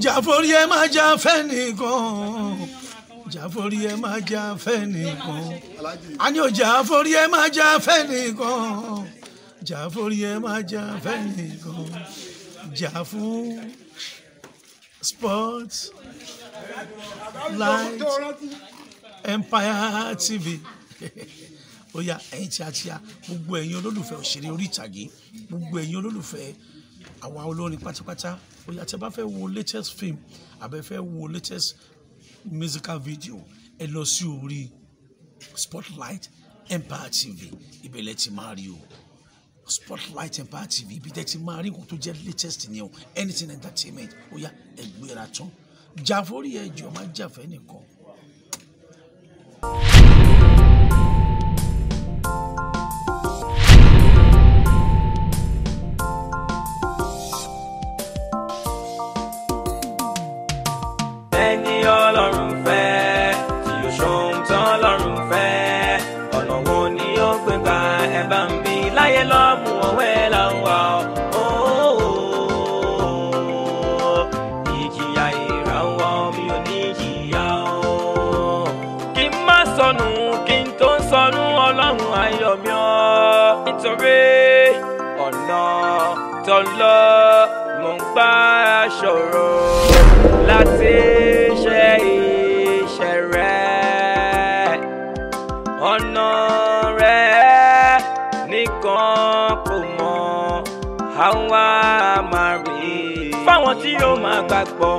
jàforí ẹ má jà fẹ́nìkan jàforí ẹ má jà fẹ́nìkan a ní o jàforí ẹ má jà fẹ́nìkan jàforí ẹ má jà fẹ́nìkan jàfú sport light Empire TV ó yá ẹ̀yin tíátíá gbogbo ẹ̀yin olólùfẹ́ òṣèré orí ìtàgé gbogbo ẹ̀yin olólùfẹ́ àwa olórin pátápátá bóyá tí a bá fẹ́ wo latest film àbẹ́ fẹ́ wo latest musical video ẹ lọ sí orí Spotlight Empire TV ìbẹ̀lẹ̀ ti máa rí o Spotlight Empire TV ibi tẹ́ ti máa rí nǹkan tó jẹ́ latest ni o anything entertainment ó yá ẹ gbéra tán jàforí ẹ jọ má jàfẹ́ nìkan. ṣòro láti ṣe iṣẹ́ rẹ̀ ọ̀nà rẹ̀ nìkan kò mọ̀ àwa máa rí. fáwọn tí yóò máa gbàgbọ́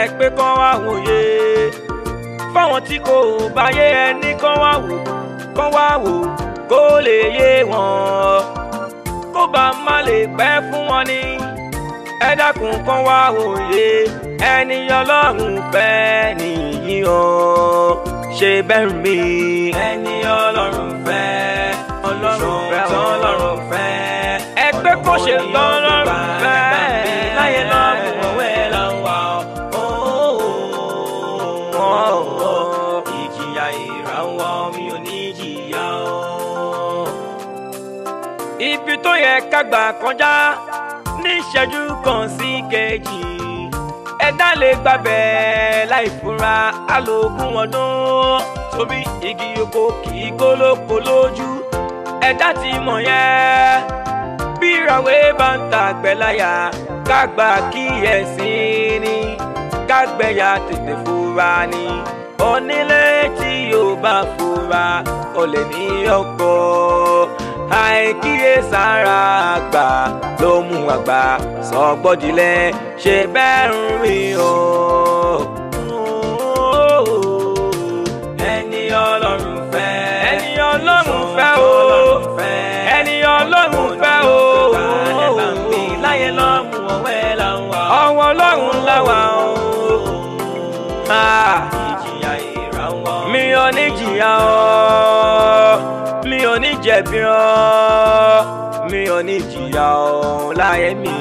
ẹ pé kán wá wòye fáwọn tí kò báyé ẹni kán wá wò kán wá wò kó lè yé wọn kó bá má lè pẹ́ fún wọn ni ẹ dákun kán wá òye ẹni ọlọ́run fẹ́ nìyí o ṣe bẹ́ẹ̀ mi. ẹni ọlọ́run fẹ́ ọlọ́run fẹ́ ọlọ́run fẹ́. ẹgbẹ́ kò ṣe lọ́rùn fẹ́ láyé lọ́rùn ọ̀wẹ́ lọ́wọ́ o. ìjìyà ìrànwọ́ mi ò ní jìyà o. ibi tó yẹ ká gbà kọjá oníṣẹ́jú kan sí kejì ẹ̀dá lè gbàbẹ̀ láì fura alógún ọdún tóbi igi oko kì í kólókó lójú ẹ̀dá ti mọ̀ yẹn bí ìràwé bá ń ta àgbẹ̀láyà kágbà kíyèsí ni kágbẹ̀yà tètè fura ni onílé tí yóò bá fura olè ní ọkọ̀ àìkíyèsára àgbà ló mú àgbà sọgbọ́dilẹ̀ ṣe bẹ́ẹ̀ ń rí o. ẹni ọlọ́run fẹ́. ẹni ọlọ́run fẹ́ o. ẹni ọlọ́run fẹ́ o. láyé lọ́mú ọwọ́ ẹ̀ ọlọ́run là o. Ah, mi ò ní jìyà o ní jẹ̀bi rán mi ò ní jìyà ọ̀hún láyé mi.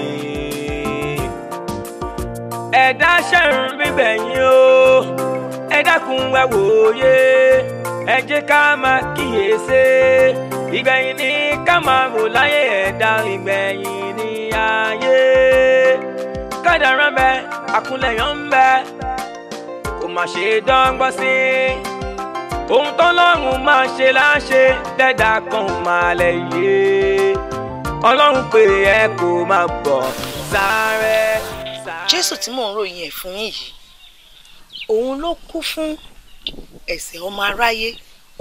ẹ̀dá ṣẹ̀rùn bíbẹ̀ yín o ẹ dákun ẹ wòye ẹ jẹ́ ká máa kíyèsí ìgbẹ̀yìn ní ká máa wò láyé ẹ̀dá ìgbẹ̀yìn ní ayé kádàrán bẹ àkúnlẹ̀yàn ń bẹ kò má ṣe dán gbọ́n sí i ohun tọ́lọ́run máa ṣe láṣẹ dẹ́dà kan máa lẹ̀ yé ọlọ́run pé ẹ kò máa bọ̀ sáré. jésù tí mò ń ròyìn ẹ̀ fún yín yìí òun ló kú fún ẹ̀ṣẹ̀ ọmọ aráyé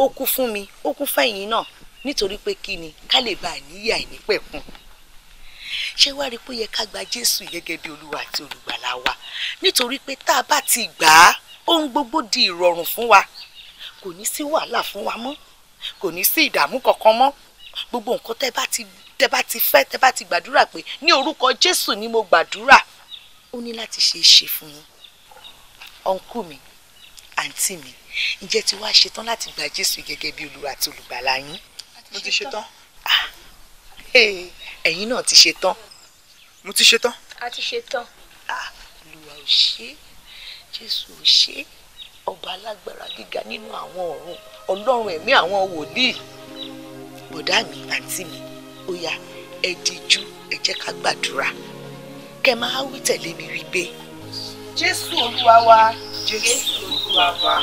ó kú fún mi ó kú fẹ̀yìn náà nítorí pé kí ni ká lè bá a níyì àìnípẹ̀kun ṣé wàá rí i pé ó yẹ ká gba jésù gẹ́gẹ́ bí olúwa àti olùgbàlà wa nítorí pé tá a bá ti gbà á ohun gbogbo di ìrọ̀rùn fún wa kò ní sí wàhálà fún wa mọ́ kò ní sí ìdààmú kankan mọ́ gbogbo nǹkan tẹ́ bá ti tẹ́ bá ti fẹ́ tẹ́ bá ti gbàdúrà pé ní orúkọ Jésù ni mo gbàdúrà ó ní láti ṣe é ṣe fún yín ọ̀nkú mi àǹtí mi ǹjẹ́ ti wá ṣetán láti gba Jésù gẹ́gẹ́ bí Olúwa àti Olùgbàlà yín. mo ti ṣetán. Ah, ẹ̀yin náà ti ṣetán. mo ti ṣetán. a ti ṣetán. Ah, olúwa ò ṣe Jésù ò ṣe é ọba alágbára gíga nínú àwọn ọ̀run ọlọ́run ẹ̀mí àwọn wòlíì bọ̀dá mi àǹtí mi ó yá ẹ díjú ẹ jẹ́ ká gbàdúrà kẹ máa wí tẹ̀lé mi wípé. jésù olúwa wa jésù olúwa wa.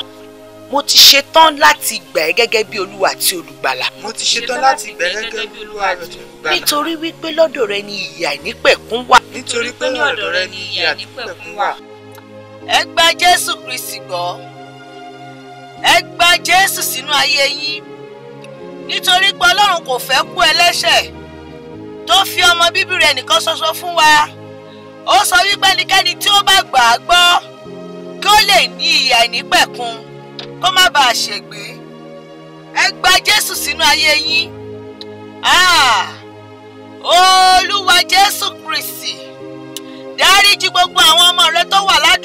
mo ti ṣetán láti gbà ẹ́ gẹ́gẹ́ bí olúwa àti olùgbàlà. mo ti ṣetán láti gbà ẹ́ gẹ́gẹ́ bí olúwa àti olùgbàlà. nítorí wípé lọ́dọ̀ rẹ ni ìyà ìnípẹ̀kún wà. nítorí pé lọ́dọ̀ rẹ ni ìyà ìnípẹ̀kún wà. ẹ gba jésù kristi gbọ́ ẹ gba jésù sínú ayé yín nítorí pé ọlọ́run kò fẹ́ kú ẹlẹ́ṣẹ̀ tó fi ọmọ bíbí rẹ̀ nìkan ṣoṣo fún wa ó sọ wípé ẹnikẹ́ni tí ó bá gbà á gbọ́ kí ó lè ní ìyè àìnípẹ̀kun kó má bàa ṣègbé ẹ gba jésù sínú ayé yín ah! olúwa jésù kristi dáríjì gbogbo àwọn ọmọ rẹ tó wà ládùúgbò.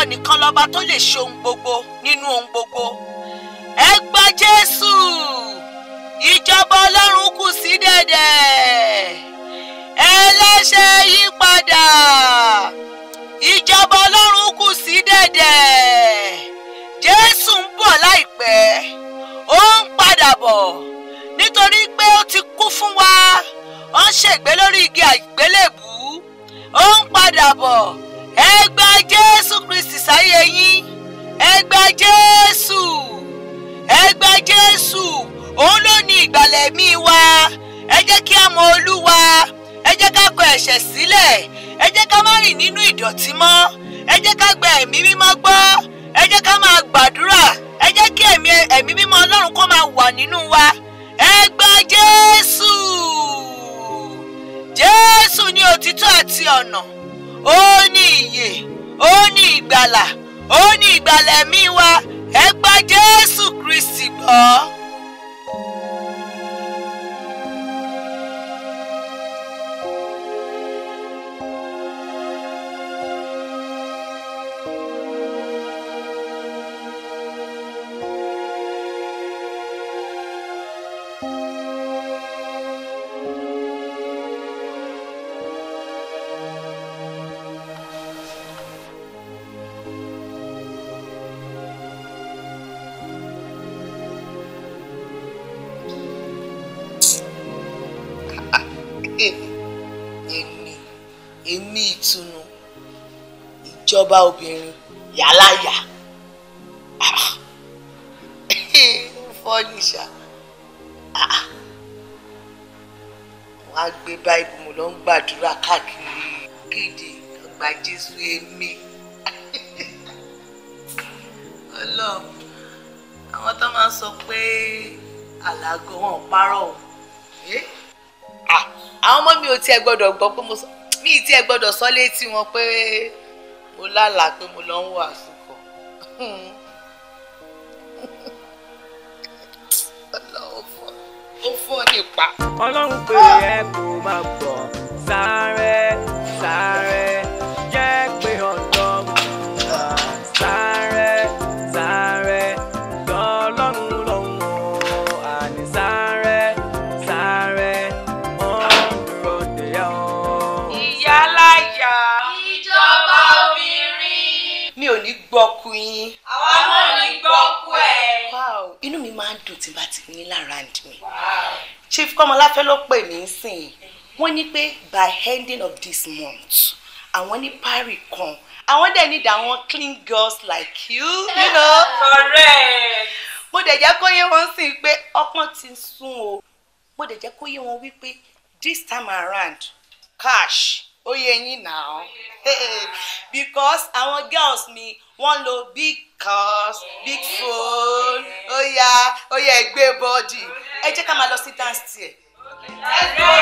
ìwọ nìkan lọba tó lè ṣe ohun gbogbo nínú ohun gbogbo ẹ gba jésù ìjọba ọlọ́run kù sí dẹ̀dẹ̀ ẹlẹ́ṣẹ̀ yípadà ìjọba ọlọ́run kù sí dẹ̀dẹ̀ jésù ń bọ̀ láìpẹ́ ó ń padà bọ̀ nítorí pé ó ti kú fún wa ó ń ṣègbé lórí igi àgbélébùú ó ń padà bọ̀ ẹ gba jésù kristi sáyé yín ẹ gba jésù ẹ gba jésù òun ló ní ìgbàlẹ̀ mi wa ẹ jẹ́ kí a mọ olúwa ẹ jẹ́ ká kọ ẹ̀ṣẹ̀ sílẹ̀ ẹ jẹ́ ká má rìn nínú ìdọ̀tí mọ́ ẹ jẹ́ ká gba ẹ̀mí mímọ́ gbọ́ ẹ jẹ́ ká máa gbàdúrà ẹ jẹ́ kí ẹ̀mí ẹ̀mí mímọ́ ọlọ́run kó máa wà nínú wa ẹ jésù jésù ní òtítọ́ àti ọ̀nà ó ní ìyè ó ní ìgbàlà ó ní ìgbàlà ẹ̀mí wa ẹ gba Jésù Kristi gbọ́. ìjọba obìnrin yàláyà fọ́nìṣà wọ́n á gbé báìbù mo lọ ń gbàdúrà káàkiri kéde ọgbà jésù èmi ọlọ́run àwọn tó máa ń sọ pé àlágọ́ wọn parọ́ o eh? ah, àwọn ọmọ mi ò tiẹ̀ gbọ́dọ̀ gbọ́ pé mo sọ mi ì tiẹ̀ gbọ́dọ̀ sọ létí wọn pé mo lálàá pé mo lọ ń wò àsùkọ ó fọ́ nípa. ọlọ́run pé ẹ kò máa bọ̀ sáré sáré. tí bá ti ní lárand mi Chief Kọ́mọláfẹ́ ló pè mí sìn wọ́n ní pé by ending of this month àwọn ní parí kan àwọn dẹ̀ ní dàwọn clean girls like you you know. correct. mo dẹ̀ jẹ́ kó yé wọn sí i pé ọpọ́n ti sún o mo dẹ̀ jẹ́ kó yé wọn wípé this time around cash ó yẹ yín náà because àwọn girls mi wọ́n lo big cars big phone ó yá ó yá ẹgbẹ́ bọ́ọ̀dì ẹ jẹ́ ká máa lọ sí dance tiẹ̀. ẹgbẹ́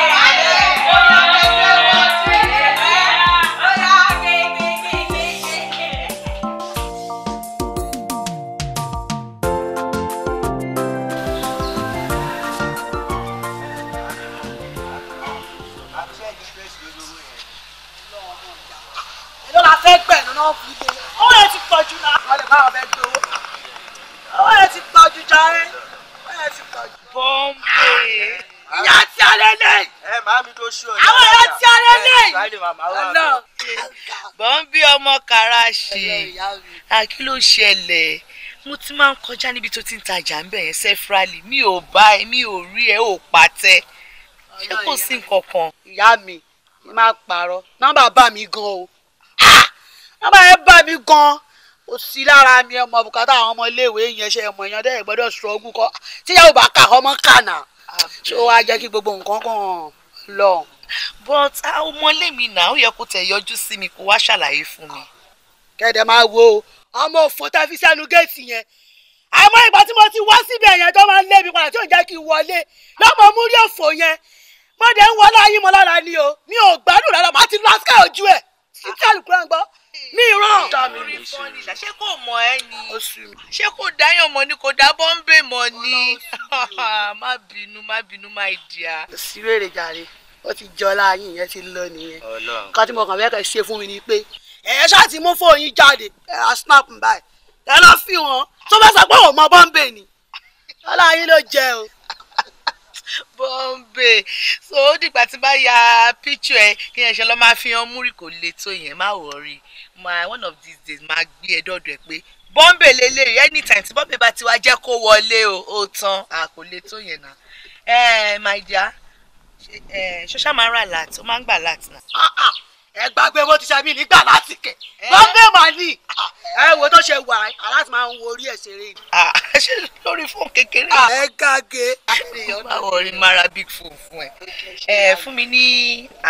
fẹ́ gbẹ̀ káwọn fẹ́ gbé owó owó yẹn ti pọ̀ ju jàre owó yẹn ti pọ̀ mi tó ló ṣẹlẹ̀ mo ti máa ń kọjá níbi tó ti ń tajà ń bẹ̀ yẹn sẹ́fúrálì mi ò bá ẹ mi ò rí ẹ ò pàtẹ ṣé kò sí nǹkan kan. ìyá mi máa pààrọ̀ nọ́mbà bá mi gan o nọ́mbà yẹn bá mi gan ó sí lára mi ọmọ bùkátà àwọn ọmọ iléèwé yẹn ṣe èèyàn dẹ́yẹ̀ gbọ́dọ̀ sọ ogún kọ́ tí bá kà ọmọ kànà ṣó wàá jẹ́ kí gbogbo nǹkan kàn lọ. but ọmọ ilé mi náà ó yẹ kó tẹ̀ yọjú sí mi kó wá ṣàlàyé fún mi. kẹ́dẹ̀ máa wo ọmọ òfò tá a fi sẹ́nu géètì yẹn àmọ́ ìgbà tí mo ti wá síbẹ̀ yẹn tó máa ń lé mi padà tí ò jẹ́ kí n wọlé lọ́mọ múrí òfò yẹn mo ń wọlé ayé mọ́ lára ni o mi ò gbádùn rárá màá ti lọ mi rọ. ṣé kò mọ ẹ ni ṣé kò dáyàn mọ ni kò dá bọ́ńbè mọ ni má bínú má bínú má ìdíyà. síwèrè jàre ó ti jọlá yín yẹn ti lọ nìyẹn nǹkan tí mo kàn fẹ́ kẹ́ ṣe fún mi ni pé ẹ̀yẹ ṣáà ti mú fóònù yín jáde ẹ̀rọ snap ń báyìí ẹ lọ fi wọn tó bá sọ pé òun mọ bọ́ńbè ni ọlá yín ló jẹ o. bọ́ńbè so ó dìgbà tí bá ya píchù ẹ kí ẹ ṣe lọ́ọ́ máa fi hàn múrì kò le tó yẹn má wọrí my one of these days máa gbé ẹ dọ́dọ̀ ẹ pé bọ́m̀bè lele, anytime tí bọ́m̀bè bá ti wá jẹ́ kó wọlé o ó tán a kò lè tó yẹn náà ẹ my dear ṣọṣà máa ń rà láti ó máa ń gbà láti náà. Ah, ah, ẹ gbàgbé owó ti ṣàmì nígbà láti kẹ eh. bọ́m̀bè máa ní ah, ẹ wo tó ṣe wà aláàtì máa ń wo orí ẹ̀ ṣeré. ṣé lórí fóònù kékeré. ẹ gàgé. báwo rí mara big phone fún ẹ fún mi ní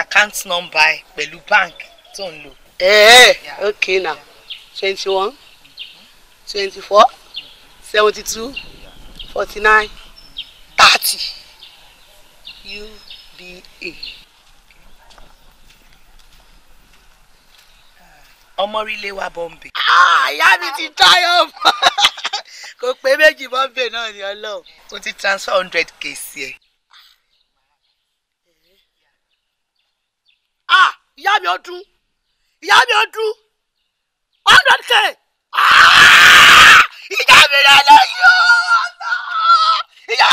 account number pẹ̀lú bank tó ń lò. Eh, eh, yeah. okay now. 21, 24, 72, 49, 30. UBA. ọmọrílé wa bọ́m̀bè. Ah, ìyá mi ti triumph kò pé méjì bọ́m̀bè náà ni ọlọ́run. o ti transfer hundred k sí ẹ. Ah, ìyá mi ó ìyá mi ò dún hundred k ah! ìyá mi rẹ lẹ́yìn o ìyá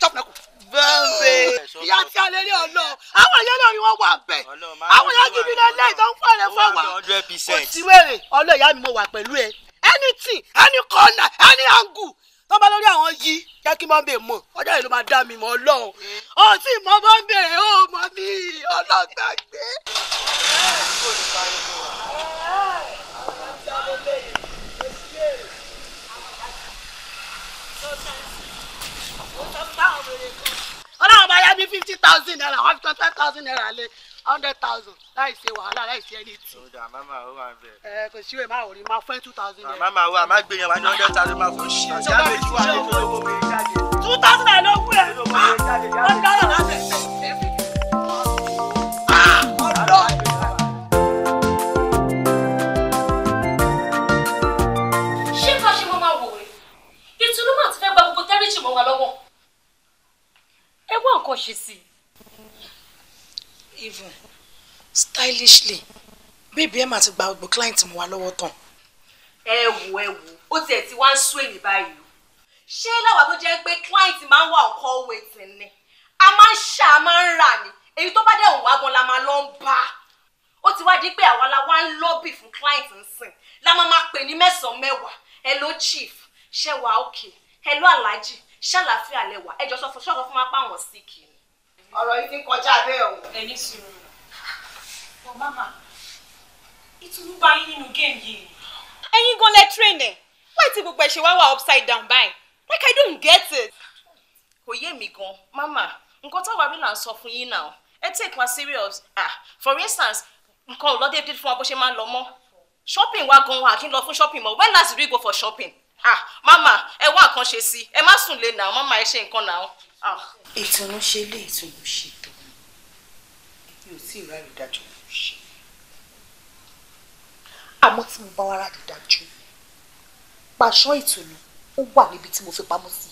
chọpnẹkù bẹ́ẹ̀ ìyá tí a lè rí ọ̀nà àwọn ìyá náà ni wọ́n wà bẹ̀ àwọn ìyá gidi náà lẹ́yìn tó ń fọ́ ẹ̀rẹ́ fún wa kò sí wèrè ọlọ́ ìyá mi mo wà pẹ̀lú ẹ anything any corner any angle tó bá lórí àwọn yí jẹ́ kí mọ́ bèè mọ̀ ọjọ́ yìí ló máa dá mi mọ́ ọlọ́run ó sì mọ bọ́ ń bèrè ó mọ mi ọlọ́gbàgbé. ọlọ́run bá yá mi fifty thousand naira one hundred thousand naira lé hundred thousand láì ṣe wàhálà láì ṣe ẹni tí. ọjà mama o wa bẹ. ẹ kò sí wẹ̀ máa wò ni máa fẹ́ two thousand naira. mama wa máa gbé yan wá ní hundred thousand máa fún ṣì. ọjà mi ju àwọn ọmọ owó mi jáde. two thousand naira ló kú ẹ. one dollar náà bẹ̀. ṣé bá ṣe máa wò rè ìtùnú máa ti fẹ́ gba gbogbo tẹ́rìtì mọ́ wa lọ́wọ́ ẹ wá nǹkan ṣe sí i even stylishly bébí ẹ máa ti gba gbogbo client mi wá lọ́wọ́ tán. ẹ wò ẹ wò ó tiẹ̀ ti wá ń sún èmi báyìí ṣé láwa tó jẹ́ pé client máa ń wà ọkọ̀ wètì ni a máa ń ṣà a máa ń rà ni èyí tó bá dẹ̀ wọ́n wá la máa lọ ń bá ó ti wá di pé àwa la wá ń lọ́bì fún client ń sìn la máa máa pè ní mẹ́sàn-án mẹ́wàá hello chief ṣẹ́wàá òkè hello aláàjì ṣàlàáfíà lẹ́wà ẹjọ́ sọ fún ṣọ́ọ̀kan fún wa pa àwọn síkì ọ̀rọ̀ yìí ti kọjá bẹ́ẹ̀ o. ẹni sùúrù ọ mama ìtùnú bá yín nínú géèmù yìí. ẹ̀yin gan lẹ train ẹ wáyé tí gbogbo ẹ ṣe wá wà upside down báyìí like i don't get it. kò yé mi gan mama nǹkan táwa mi là ń sọ fún yín náà ẹ take wa serious ah for instance nǹkan ò lọ déédéé fún wa bó ṣe máa ń lọ mọ́ shopping wa gan wa kí n lọ fún shopping mọ́ when last we go for shopping ah mama ẹ wá nǹkan ṣe sí ẹ má sùn lé nà mama ẹ ṣe nǹkan nà. Ah. ìtùnú ṣe lé ìtùnú ṣe tòun mi ò tí ì rárí dájú mo ṣe àmọ́ tí mo bá wá rárí dájú pàṣọ ìtùnú ó wà níbi tí mo fi pamọ́ sí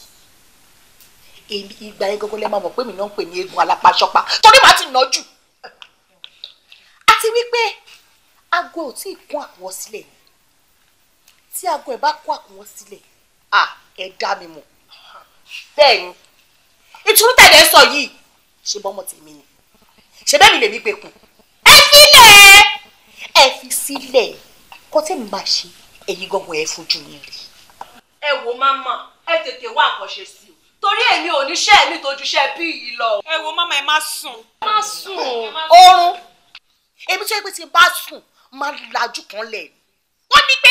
ìgbà yẹn gọ́gọ́ lẹ́ máa mọ̀ pé mi náà ń pè ní eegun alápàṣọpá torí màá ti nà jù àti wípé aago ò tí ì kún àkùnwọ́ sílẹ̀ ni tí aago ẹ̀ bá kún àkùnwọ́ sílẹ̀ ẹ dá mi mọ̀ bẹ́ẹ̀ ni ìtúrú tẹ̀lé sọ yìí ṣe bọ́mọ tèmi ni ṣe bẹ́ẹ̀ mi lèmi gbé kun ẹ sílẹ̀ ẹ fi sílẹ̀ kó tèmi máa ṣe èyí gangan ẹ fojú yín rí. ẹ wo mama ẹ tètè wá àkànṣe sí i torí èmi ò ní ṣe èmi tójú ṣe bí yìí lọ. ẹ wo mama ẹ má sùn. ẹ má sùn oorun èmi tó yẹ pé ti bá sùn máa lajú kan lẹ̀ wọ́n ní pé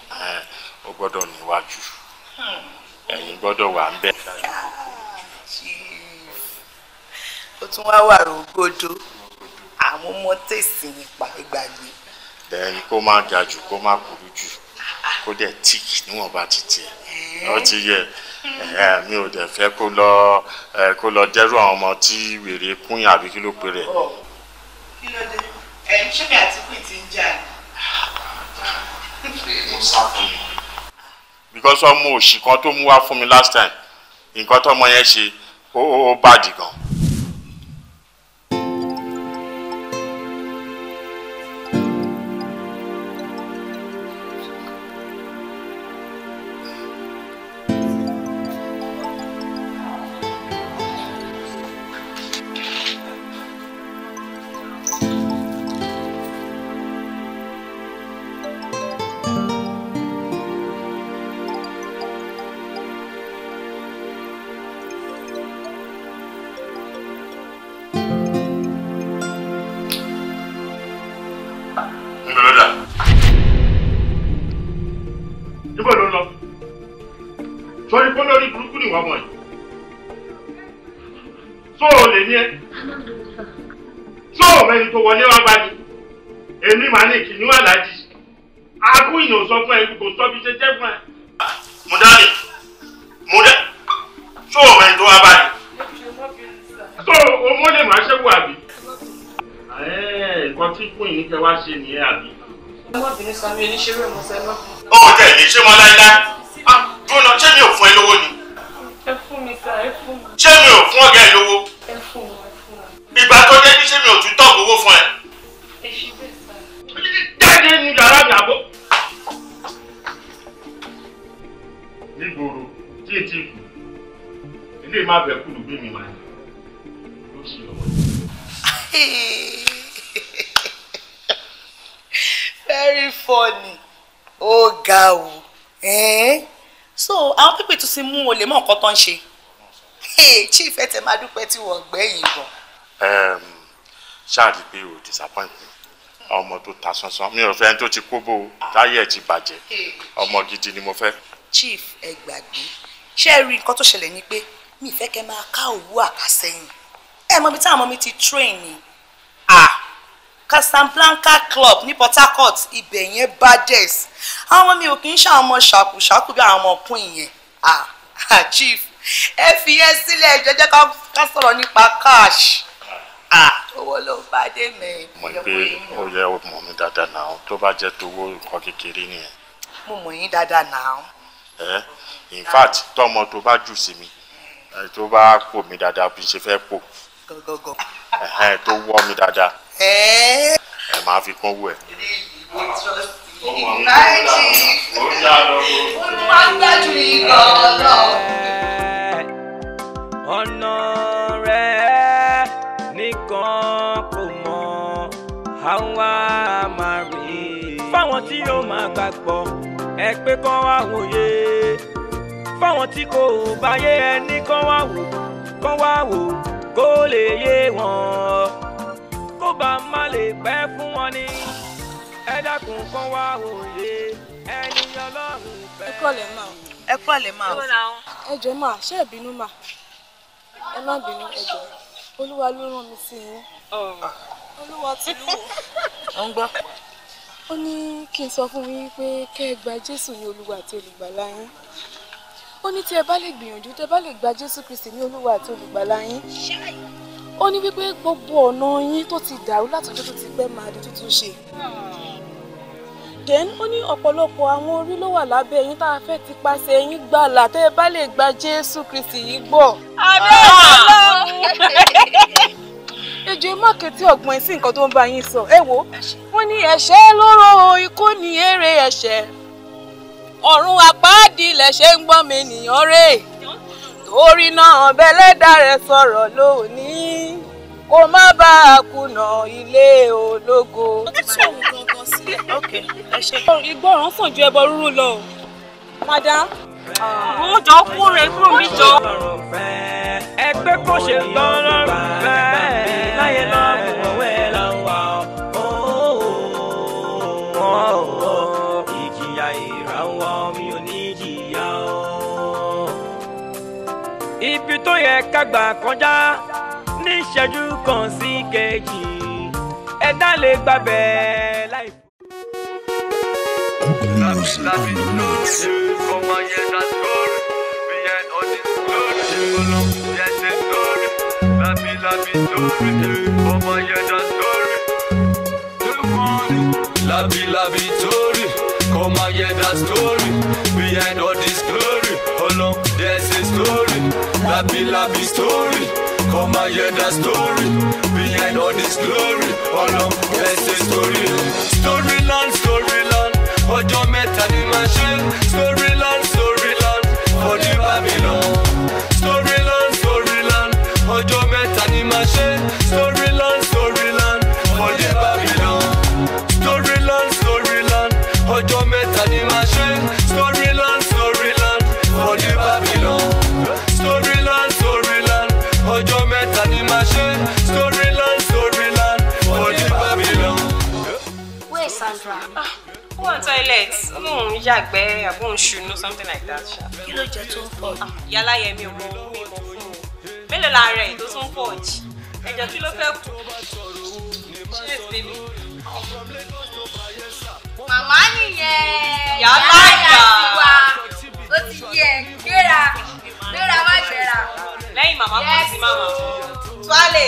ó gbọ́dọ̀ níwájú ẹ̀yin gbọ́dọ̀ wà ń bẹ̀. ó tún wá wà rògbòdo àwọn ọmọ tèsì nípa ìgbàgbé. bẹ́ẹ̀ni kó má ga jù kó má kúrú jù kó dẹ̀ tík níwọ̀nba títí ẹ̀ ọ ti yẹ mi ò dẹ̀ fẹ́ kó lọ kó lọ dẹ́rù àwọn ọmọ tí wèrè kúnyà àbí kí ló pe rẹ̀. kí ló dé ẹ̀yin ṣẹ́mi àti kùn ti ń jà ní pé mo sá fún because ọmọ òṣì kan tó mú wá fún mi last time nǹkan tọmọ yẹn ṣe ó bàdì gan ga o so àwọn pípẹ́ tó ti mú o lè mọ nǹkan tó ń ṣe chief ẹ tẹ máa dúpẹ́ tí wọ́n gbẹ́ yìí bọ̀. ṣáàdì pé o disappoint me ọmọ tó ta sánsan mi ò fẹ́ ẹni tó ti kóbó táyé ẹ̀ ti bàjẹ́ ọmọ gidi ni mo fẹ́. chief ẹ gbàgbé ṣé ẹ rí nǹkan tó ṣẹlẹ̀ ni pé mi ìfẹ́ kẹ́ máa ká òwú àkàsẹ́yìn ẹ mọ ibi táwọn ọmọ mi ti train ni. ah Casablanca club ní Port Harcourt ibẹ̀ yẹn badges àwọn mi ò kì í ṣe àwọn ọmọ ṣàkùṣàkù bí àwọn ọmọkùn yẹn ah chief ẹ fi yẹn sílẹ̀ ẹ jẹ́ ká sọ̀rọ̀ nípa cash owó ló bá dé mẹ́. mo ní ó yẹ mọ̀ mí dáadáa náà tó bá jẹ́ tówó nǹkan kékeré nìyẹn. mo mọ̀ yín dáadáa náà. ẹ in fact tọmọ tó bá jù sí mi tó bá pò mí dáadáa bí n ṣe fẹ́ pò tó wọ́ mi dáadáa ẹ máa fi kún owó ẹ. ọ̀nà rẹ̀ nìkan kò mọ̀ àwa máa rí i. fáwọn tí yóò máa gbàgbọ́ ẹ pé kán wá wòye fáwọn tí kò báyé ẹni kán wá wò kán wá wò kó lè yé wọn bá má lè pẹ́ fún wọn ni ẹ dákun kán wá òye ẹni ọlọ́run fẹ́. ẹ kọ́lẹ̀ máa ẹ kọ́lẹ̀ máa ẹ jọ̀ọ́ máa ṣé ẹ bínú máa ẹ má bínú ẹ jọ̀ọ́ olúwa ló rán mi sí yín olúwa ti lù wọ́n. ó ń gbọ́. ó ní kí n sọ fún yín pé kẹ́ ẹ gba jésù ní olúwa àti olùgbàlà yín ó ní tí ẹ bá lè gbìyànjú tẹ́ bá lè gba jésù kristi ní olúwa àti olùgbàlà yín ó ní wípé gbogbo ọ̀nà yín tó ti dàrú látọjọ́ tó ti pẹ́ máa di tuntun ṣe. then ó ní ọ̀pọ̀lọpọ̀ àwọn orí ló wà lábẹ́ yín tá a fẹ́ ti paṣẹ yín gbàlà tẹ́ ẹ bá lè gba jésù kristi yìí gbọ́. àbẹ́ ọ̀pọ̀lọpọ̀ ejò mákètí ọ̀gbọ́n sí nǹkan tó ń bá yín sọ ẹ wo wọ́n ní ẹ̀ṣẹ̀ lóró ikú ni èrè ẹ̀ṣẹ̀ ọ̀run àpáàdì lẹ̀ṣẹ̀ ń gbọ́n mi nìyàn rè torí náà bẹ́lẹ́dà rẹ̀ sọ̀rọ̀ lónìí kó má bá a kùnà ilé ológo. ìgbọràn sàn ju ẹbọ rúrú lọ o. madam. mo jọ kú rẹ kúrò mi jọ. ẹgbẹ́ kò ṣe gbọ́n lọ́rùn bẹ́ẹ̀ láyé lọ́rùn ọ̀wẹ́ lọ́wọ́ ìjìyà ìrànwọ́ mi ò ní jìyà o. ibi tó yẹ ká gbà kọjá ní ìṣẹ́jú kan sí kejì ẹ̀dá lè gbàbẹ̀ láì. Good news and notes. La vie, la victory, come and hear that story. Behind all this glory, oh no, there's a story. La vie, la victory. Come and hear the story behind all this glory. All Ọlọ́run ẹsẹ̀ story. Storyland, storyland, ọjọ́ mẹ́ta ni màá ṣe. Storyland. òun yàgbẹ́ àbí òun ṣùnú something like that ṣá. kí ló jẹ tó ń pọ̀ jù. Ah, yálà yẹn mi ò mọ owó mi mọ fún un mélòó la rẹ̀ tó tún pọ̀ jù ẹjọ́ kí ló fẹ́ kú. cheers baby. màmá nìyẹn. yàrá ìyá wa ó ti yẹ gbéra gbéra má jẹra. lẹ́yìn màmá kò sí màmá. tuwálè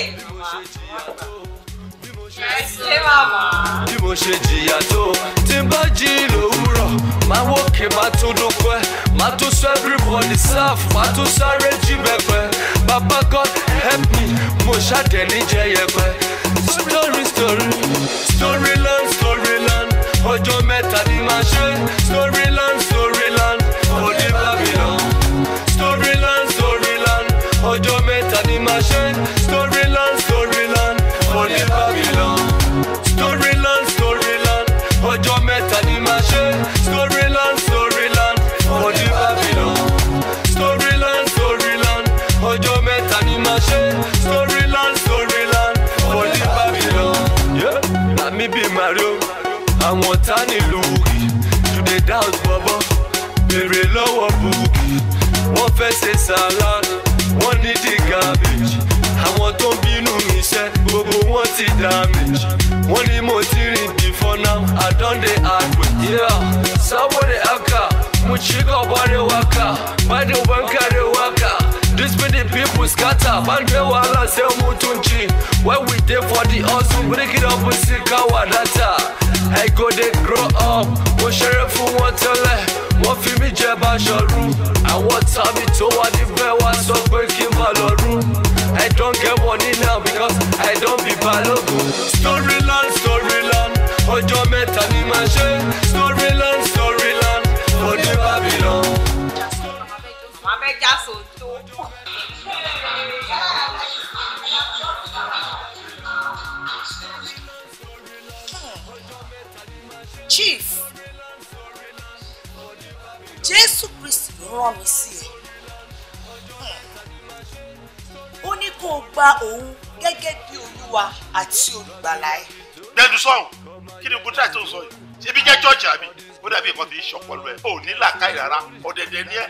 bí mo ṣe jìyà tó tí n bá jí lówùrọ̀ máa wókè máa tún dúpẹ́ máa tún sọ everybody serve máa tún sáré jí bẹ́pẹ́ baba God help me mo ṣàdé níjẹ yẹpẹ́ story story storyland storyland ọjọ́ mẹ́ta ni màá ṣe storyland. ọ̀tá nílùú Bùkì today doubt bọ́bọ́ béèrè lọ́wọ́ Bùkì wọ́n fẹ́ ṣe sàrà wọ́n ní di garbage àwọn tó ń bínú mi ṣẹ́ gbogbo wọn ti damage wọ́n ní mo ti rìn before now I don dey hard Yeah. sábò de aka mo ṣí kọ́ bọ́dé wákà báyìí wọ́n kárí wákà. This be the people scatter Man be wahala say mutunchi When we dey for the hustle Break it up with sikawa data I go they grow up. What sheriff who want to let? What feel me jab I shall And what time it to what the bear was so breaking my room. I don't get money now because I don't be balogo. Storyland, storyland. Ojo meta ni ma ṣe. Storyland, storyland. For the Babylon. Mama just so too. rán mi sí ẹ hmm. ó ní kó o gba òun gẹ́gẹ́ bí olúwa àti olùgbàlà ẹ. gbẹdu sọhùn kí ni gúdúrà tó ń sọ yìí jẹ chọọchì àbí ó dàbí nǹkan tí ń ṣọpọlọ ẹ ò ní làákàyè rárá ọ̀dẹ̀dẹ̀ ni ẹ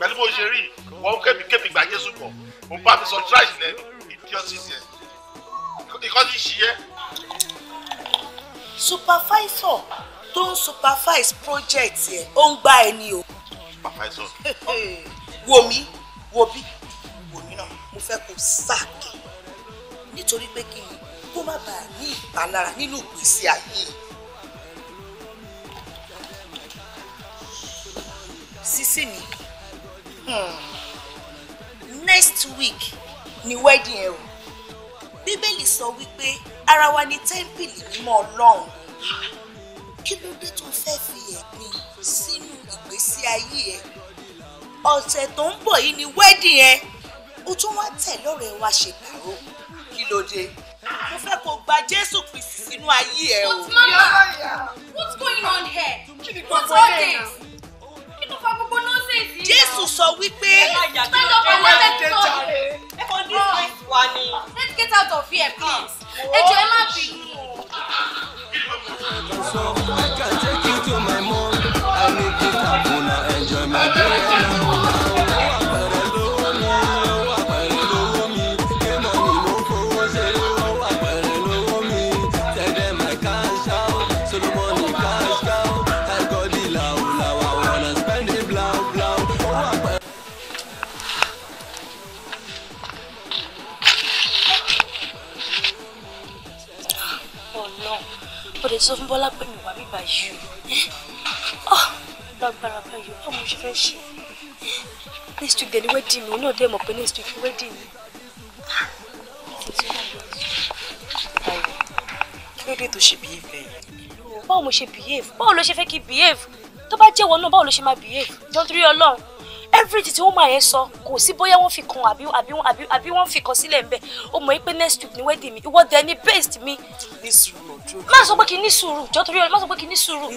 pẹ̀lú bó ṣe rí wọn kébi kébi gbà jésù bọ̀ ó bá mi sọ tíráṣì lẹ́nu ìdíọ́sìsì ẹ̀ ìkọ́ ti ṣí ẹ́. supervisor tó ń supervise project ẹ̀ ó ń gba ẹni o bàbá ẹ sọ. wo mi wo bí wo mi náà mo fẹ́ kó sáàkì nítorí pé kí kó má bàa ní ìpalára nínú ìgbésí ayé. sísè mi hmm, next week ni wedding ẹ o bíbélì sọ wípé ara wa ni tẹ́ḿpìlì mímọ́ ọlọ́run kí ló dé tó fẹ́ fi ẹ̀gbin sínú ìgbésí ayé ẹ ọ̀sẹ̀ tó ń bọ̀ yìí ni wedding ẹ o tún wá tẹ̀lé ọ̀rẹ́ wa ṣèpàrọ̀ kí ló dé mo fẹ́ kó gba jésù kristi sínú ayé ẹ o. but mama what's going on here what's all this kí ló fa gbogbo nonsense yìí. jésù sọ wípé stand up and let them talk. ẹ ní ìwé ni. let's get out of here please. Ah. ẹ jẹ́ ẹ má bínú. Ah sọ fún Bọ́lá pé mi wà bíbá yìí oh, gbàgbára báyìí báwo mo ṣe fẹ́ ṣe next week dẹ̀ wedding mi òun náà dẹ̀ mọ̀ pé next week ni wedding mi. kí ló dé tó ṣe behave yẹn. báwo mo ṣe behave báwo ló ṣe fẹ́ kí behave tó bá jẹ́ ìwọ náà báwo ló ṣe máa behave jọ nítorí ọlọ́run everything tí wọ́n máa yẹn sọ kò sí bóyá wọ́n fi kan àbí àbí àbí wọ́n fi kan sílẹ̀ ń bẹ̀ o mọ̀ pé next week ni wedding mi ìwọ dẹ̀ ni best mi má sọ pé kí ní sùúrù jọ torí ọ̀rẹ́ má sọ pé kí ní sùúrù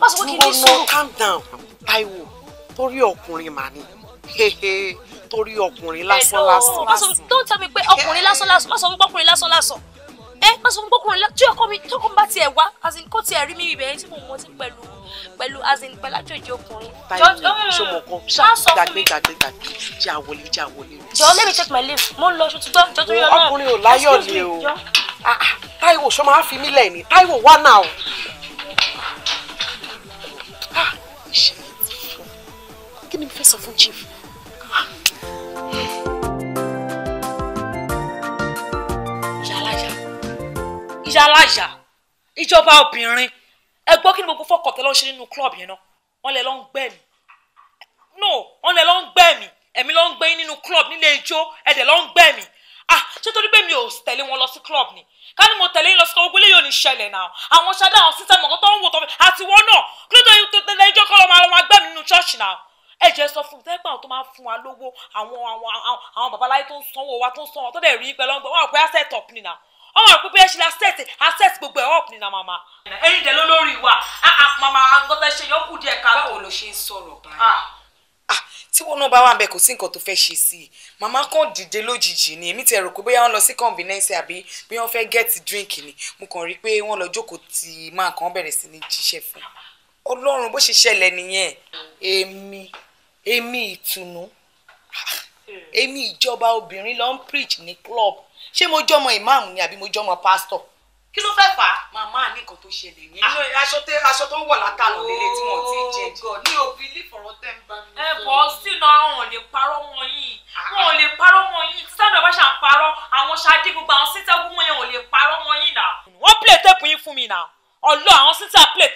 má sọ pé kí ní sùúrù. calm down Táíwò torí ọkùnrin mà ni torí ọkùnrin lásán lásán. má don't tell me pé ọkùnrin lásán lásán má sọ fún ọkùnrin lásán lásán ẹ má sọ fún ọkùnrin lásán tí ọkọ mi tí ọkọ mi bá tiẹ̀ wá as in kó tiẹ̀ rí mi ibẹ̀ tí mo mọ ti pẹ̀lú pẹ̀lú as in pẹ̀lú àjòjì ọkùnrin. Táíwò ṣọmọ kan ṣáà gbàgbé gbàgbé gbàgbé jà wọlé jọ let me take my leave mo ń lọ ṣùtúgbọ́ jọ torí ọ̀nà ọkùnrin ò Ah, Táíwò ṣọ́ máa fi mí lẹ̀ ni Táíwò wá náà o. Ah, kí ni mo fẹ́ sọ fún chief. Ah. ìyálàyà ìyálàyà ìjọba obìnrin ẹ gbọ́ kí ni gbogbo fọkàntẹ́ lọ́ọ́ ṣe nínú club yẹn náà wọ́n lè lọ ń gbẹ́ mi no wọ́n lè lọ ń gbẹ́ mi ẹ̀mí lọ ń gbẹ́ yín nínú club nílé ijó ẹ̀dẹ̀ lọ ń gbẹ́ mi ah ṣé torí pé mi ò tẹ̀lé wọn lọ sí club ni ká ní mo tẹ̀lé yín lọ sí club gbogbo eléyìí ò ní ṣẹlẹ̀ náà àwọn ṣáda àwọn sísẹ́ mọ̀kọ́ tó ń wò tọ́ mi àti wọn náà kí ló dé tẹ̀lé ẹjọ́ kọ́ lọ́mọ àwọn agbẹ́ mi nínú ṣọ́ọ̀ṣì náà ẹ jẹ́ sọ fún mi tẹ́gbà tó máa ń fún wa lówó àwọn àwọn àwọn babaláyé tó ń sanwó wa tó ń sanwó tó dẹ̀ rí pẹ̀lú ọgbọ́n wọn àpẹ́ asset up nìyà wọn pé bẹ́ẹ̀ asset asset gbogbo ẹ̀ up ni màmá. mama. dẹ̀ ló lórí wa ah, ah, màmá ngọ́tẹ́ ṣe yọkù díẹ̀ ká. báwo ló ṣe ń sọ̀rọ̀ báyìí. Ah tí wọn náà bá wà ń bẹ kò sí nǹkan tó fẹ́ ṣe sí i màmá kan dìde lójijì ni èmi ti rò pé bóyá wọn lọ sí convenience àbí bí wọn fẹ́ get drink ni mo kàn rí i pé wọn lọ jókòó ti máa kàn bẹ̀rẹ̀ sí ní jíṣẹ́ fún ọlọ́run bó ṣe ṣẹlẹ̀ nìyẹn èmi èmi ìtùnú èmi ìjọba obìnrin ló ń preach ní club ṣé mo jọmọ ìmáàmù ni àbí mo jọmọ pásítọ̀ kí ló fẹ́ fà á. màmá ní nǹkan tó ṣẹlẹ̀ yẹn. aṣọ tó aṣọ tó ń wọ̀ látàlọ́ lélẹ̀ tí wọ́n ti jẹ oh jù. ní òbí lífọ̀rọ̀ tẹ́ ń bá mi. ẹ bọ́ sínú àwọn ò lè parọ́ mọ́ yìí wọn ò lè parọ́ mọ́ yìí tí sábà bá ṣà ń parọ́ àwọn ṣáájú gbogbo àwọn síta gbogbo yẹn ò lè parọ́ mọ́ yìí nà. wọ́n play tape yín fún mi nà ọlọ àwọn sísá play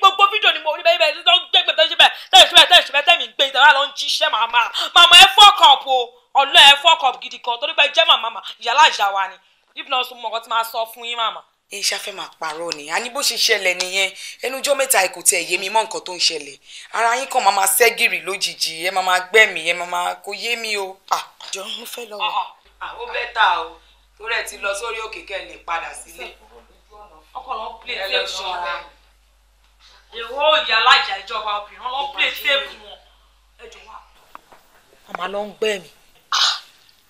gbogbo fídíò ni mo rí bẹ́ẹ̀ bẹ́ẹ̀ tó ń gbé gbé tẹ́sí bẹ́ẹ̀ tẹ́sí bẹ́ẹ̀ tẹ́sí bẹ́ẹ̀ tẹ́mi gbé ìtàn àlọ́ ń jíṣẹ́ màmá màmá ẹ fọ́ọ̀kọ̀ọ̀pù ọlọ́ ẹ fọ́ọ̀kọ̀ọ̀pù gidi kan torí pé jẹ́ màmá yàrá ìyá wa ni if not mo mọ̀ ọ́ ti máa sọ fún yín màmá ìṣá fẹ́ máa parọ́ ni a ní bó ṣe ṣẹlẹ̀ nìyẹn ẹnujọ́ mẹ́ta kò tiẹ̀ yé mi mọ́ nǹkan tó ń ṣẹlẹ̀ ara yín kàn máa máa ṣẹ́gìrì lójijì ẹ máa máa gbẹ̀mí ẹ máa máa kò yé mi o. àjọ mo fẹ́ lọ wọ. ó bẹ́ ta o torí ẹ ti lọ sórí òkè kẹ́ ẹ lè padà sílé. ọkọ lọ play tape sọ rẹ èwo ìyá alájà ìjọba obìnrin lọ play tape wọn ẹ jọ wá. àmà ló ń gbẹ̀mí.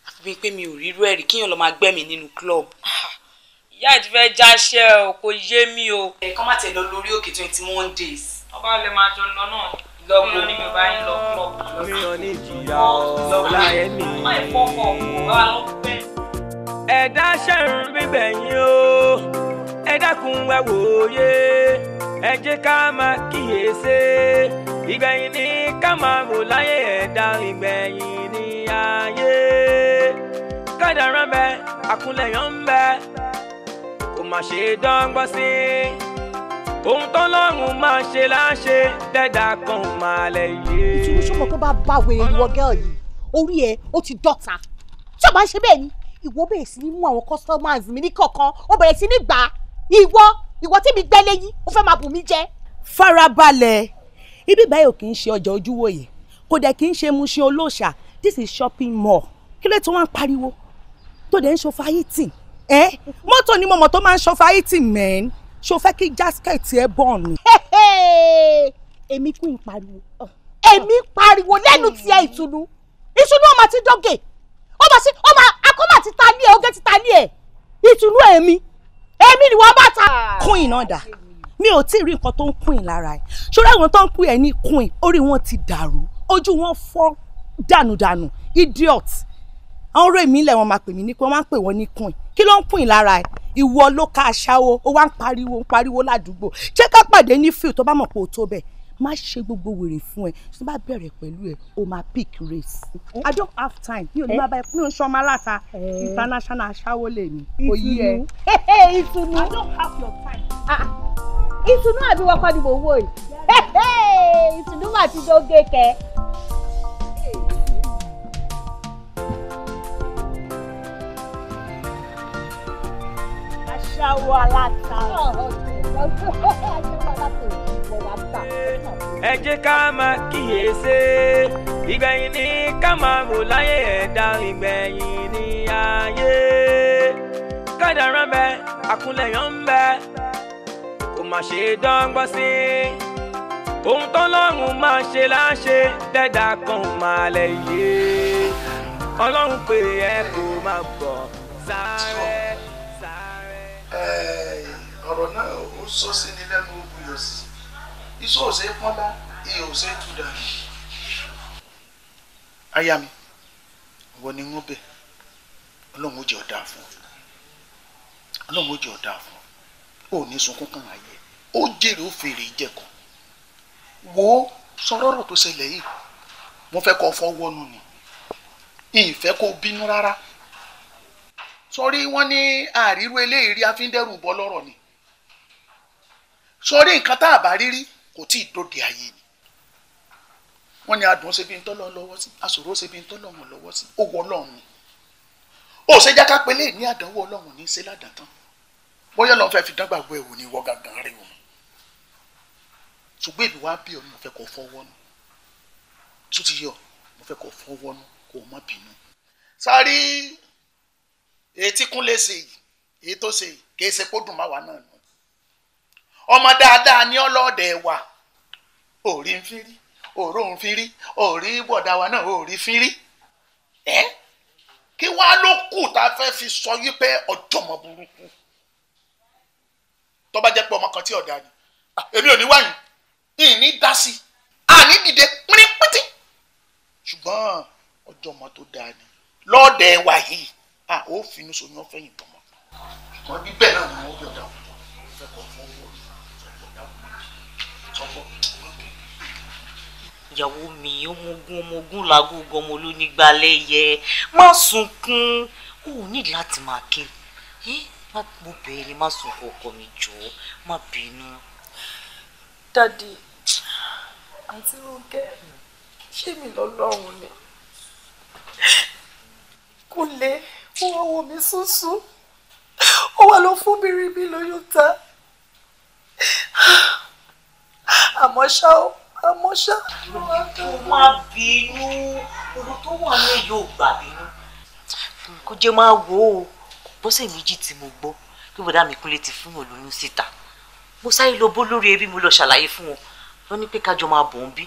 àfi bíi pé mi ò rírú ẹ̀rí kíyàn lọ máa gbẹ̀mí nínú club. Ah, ìyá ẹ̀ ti fẹ́ jáṣẹ́ o kò yé mi o. ẹ kọ́ má tẹ̀ lọ lórí òkè twenty one days. ọba lè máa jọ lọ náà lọ́gbọ̀n ní mi bá ń lọ lọ. mi ò ní jìyà ọ̀ láyé mi. má ì fọ́fọ́ kò wá lọ pẹ́. ẹ̀dá ṣẹ̀rùn bíbẹ̀ yín o ẹ dákun ẹ wòye ẹ jẹ́ ká máa kíyèsí ìgbẹ̀yìn ní ká máa wò láyé ẹ̀dá ìgbẹ̀yìn ní ayé kádàrá ń bẹ àkúnlẹ̀yàn ń bẹ kò má ṣe é dọ́gbọ́n sí i ohun tọ́lọ́run máa ṣe láṣẹ dẹ́dà kan máa lẹ̀ yé. ìtùnú ṣọmọ tó bá bá wèrè ìwọ gẹ́ọ̀ yìí orí ẹ ó ti dọ́ta tí o ń ṣe bẹ́ẹ̀ ni ìwọ bẹ̀rẹ̀ sí ní mú àwọn customers mi ní kọ̀ọ̀kan ó bẹ̀rẹ̀ sí ní gbà á ìwọ ìwọ tí mi gbẹ́lẹ́ yìí ó fẹ́ máa bù mí jẹ. farabalẹ̀ ibi báyìí kì í ṣe ọjà ojúwòye kò dẹ̀ kì í ṣe mu ṣe olóòṣà this is shopping mall kí ló tó wá ń pariwo tó dẹ̀ ń ṣòfò ayé tì ẹ eh, mọ́tò ni mo mọ̀ tó máa ń ṣọfà eighty men ṣo fẹ́ kí jásikẹ̀tì ẹ bọ̀ ni. èmi kún ìpariwo èmi pariwo lẹ́nu tiẹ̀ ìtùnú ìtùnú ọmọ ti dọ́gẹ̀ ọmọ sí ọmọ akọ́mọ ti ta ní ẹ oge ti ta ní ẹ ìtùnú èmi èmi ni wọ́n bá ta. kún iná dà mi ò tí ì rí nǹkan tó ń kún in lára ẹ ṣọlá àwọn tó ń kún ẹ ní kún in orí wọn ti dàrú ojú wọn fọ́ dànùdànù idiot àwọn ọ̀rẹ́ mi lẹ wọn máa pè mí ní pé wọn máa ń pè wọn ní kùn kí ló ń kùn lára ẹ ìwọ ló ká aṣáwó ó wá ń pariwo ń pariwo ládùúgbò jẹ́ ká pàdé ní fíìl tó bá mọ̀ pé o tó bẹ́ẹ̀ má ṣe gbogbo wèrè fún ẹ tó bá bẹ̀rẹ̀ pẹ̀lú ẹ o máa pick race i don't have time mi ò ní bàbá eh? ẹ mi ò ń ṣọmọ aláta eh? international aṣáwó lè mi kò yí ẹ. ìtùnú i don't have your time. Ah, ah. ìtùnú àbí wọ́pọ̀ ni mo wò yìí ìtùnú mà dóge kẹ́. aṣáwó aláta. ẹ jẹ́ ká máa kíyèsí ìgbẹ̀yìn ní ká máa wò láyé ẹ̀dá ìgbẹ̀yìn ní ayé kádàrá ń bẹ àkúnlẹ̀yàn ń bẹ kò má ṣe dọ́gbọ́n sí i ohun tọ́lọ́run máa ṣe láṣẹ dẹ́dà kan máa lẹ̀ yé ọlọ́run pé ẹ kò máa bọ̀ sáré. Eh, ọ̀rọ̀ náà ó sọ sí ni lẹ́nu ogun yọ sí iṣu ò ṣe é pọ́nlá ìyẹn ò ṣe é tu dànù. aya mi wọ́n ni wọ́n bẹ̀ ọlọ́run ó jẹ́ ọ̀dà fún ọlọ́run ó jẹ́ ọ̀dà fún ó ní sunkún kan ayé ó jèrè ó fèrè ìjẹ̀kọ̀ wo sọ̀rọ̀ tó ṣẹlẹ̀ yìí mo fẹ́ kọ́ fọ́ wọ́nú ni ìfẹ́ kó bínú rárá sórí wọ́n ní àrírú eléyìí afíndẹ́rù bọ́ lọ́rọ̀ ni sórí nǹkan tá a bá rírí kò tí ì dòde ayé ni wọ́n ní adùn ṣe bí ń tọ́lọ́ lọ́wọ́ sí àṣòro ṣe bí ń tọ́lọ́ wọn lọ́wọ́ sí ó wọ ọlọ́run ni ó ṣe jáká pélé ní àdánwò ọlọ́run ní ṣe ládàá bóyá lọ́n fẹ́ fi dán gbàgbọ́ ẹ̀wò ni wọ́n gàgàn rẹ̀ wọ́n ṣùgbọ́n èmi wá bí ọ fẹ́ kọ́ fọ́wọ́ nù tún ti yọ mo fẹ́ kọ́ fọ́wọ́ nù kó o bínú sáré etí kúnlẹ̀ ṣe yìí èyí tó ṣe yìí kì í ṣe kó dùn má wà náà nù ọmọ dáadáa ní ọlọ́ọ̀dẹ̀ wà òrí ń fi rí òróhùn fi rí òrí bọ̀dá wa náà òrí fi rí ẹ́ kí wá ló kù tá a fẹ́ fi sọ yí pé ọjọ́mọ burúkú tó bá jẹ́ pé ọmọ kan tí ọ̀dà ni ah, èmi ò ní wáyìn ìní dá sí àní dìde pínrín píntín ṣùgbọ́n ọjọ́mọ tó dáa ni lọ́ọ̀dẹ̀ wà yìí a ah, ó finú so yan fẹ́yìn tọmọ ṣùgbọ́n bíbẹ̀ náà ni wọ́n yọ̀ dáhùn fẹ́kọ̀ọ́ fọwọ́ sọ́kọ̀ ìyàwó mi ọmọogun ọmọogun làgóògùn ọmọ olónígbàlẹ́yẹ má sunkún ó ní láti máa ké mo bẹ̀ẹ́ ni má sunkún ọkọ mi jọ̀ọ́ má bínú. dadi àǹtí Rónkẹ́ ṣé mi lọ́lọ́run ni kúnlẹ̀ fún ọwọ́ mi sùnsùn ó wà lọ fún mi lóyún ta àmọ́ ṣá o àmọ́ ṣá. kó má bínú olú tó wà ní yóò gbà bínú kó jẹ́ máa wò ó bọ́sẹ̀ méjì tí mo gbọ́ pé bọ̀dá mi kúnlẹ̀ ti fún wọn lóyún síta mo sáré lọ bó lórí ẹbí mo lọ ṣàlàyé fún wọn wọn ní pé kájọ máa bọ̀ ń bí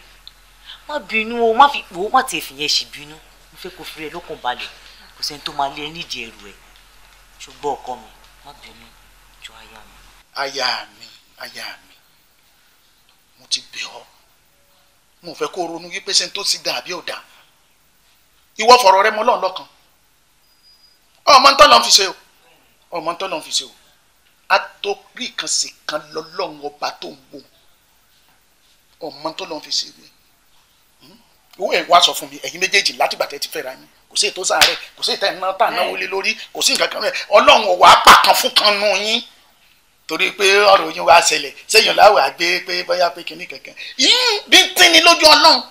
má bínú o má fi wò ó má tiẹ̀ fìyẹn ṣì bínú mo fẹ́ kó fi rẹ lọ́kàn balẹ̀ sẹ́ni tó máa lé ẹ nídìí ẹrù ẹ ṣùgbọ́n ọkọ mi má bínú jọ aya mi. aya mi aya mi mo ti bẹ̀ ọ́ mo fẹ́ kó ronú yí pé sẹ́ni tó sì dà àbí ò dà ìwọ fọ̀rọ̀ rẹ mọ́ lọ́n lọ́kàn ọmọ ń tọ́lọ́ fi ṣe o ọmọ ń tọ́lọ́ ń fi ṣe o atọ́rí kan sì kan lọ́lọ́run ọba tó ń wò ọmọ ń tọ́lọ́ fi ṣe hmm? o ìwọ ẹ̀ wá sọ fún mi ẹ̀yin méjèèjì látìgbà tẹ́ ti fẹ́ra yín kò sí ètò sàárẹ̀ kò sí ìtàn náà tà náà wọlé lórí kò sí nǹkan kan rẹ̀ ọlọ́run ò wá pàkan fún kan nù yín torí pé ọ̀rọ̀ yín wá ṣẹlẹ̀ sẹ́yìn láwọ̀ àgbé pé bóyá pé kinní kankan yín bíntín ni lójú ọlọ́run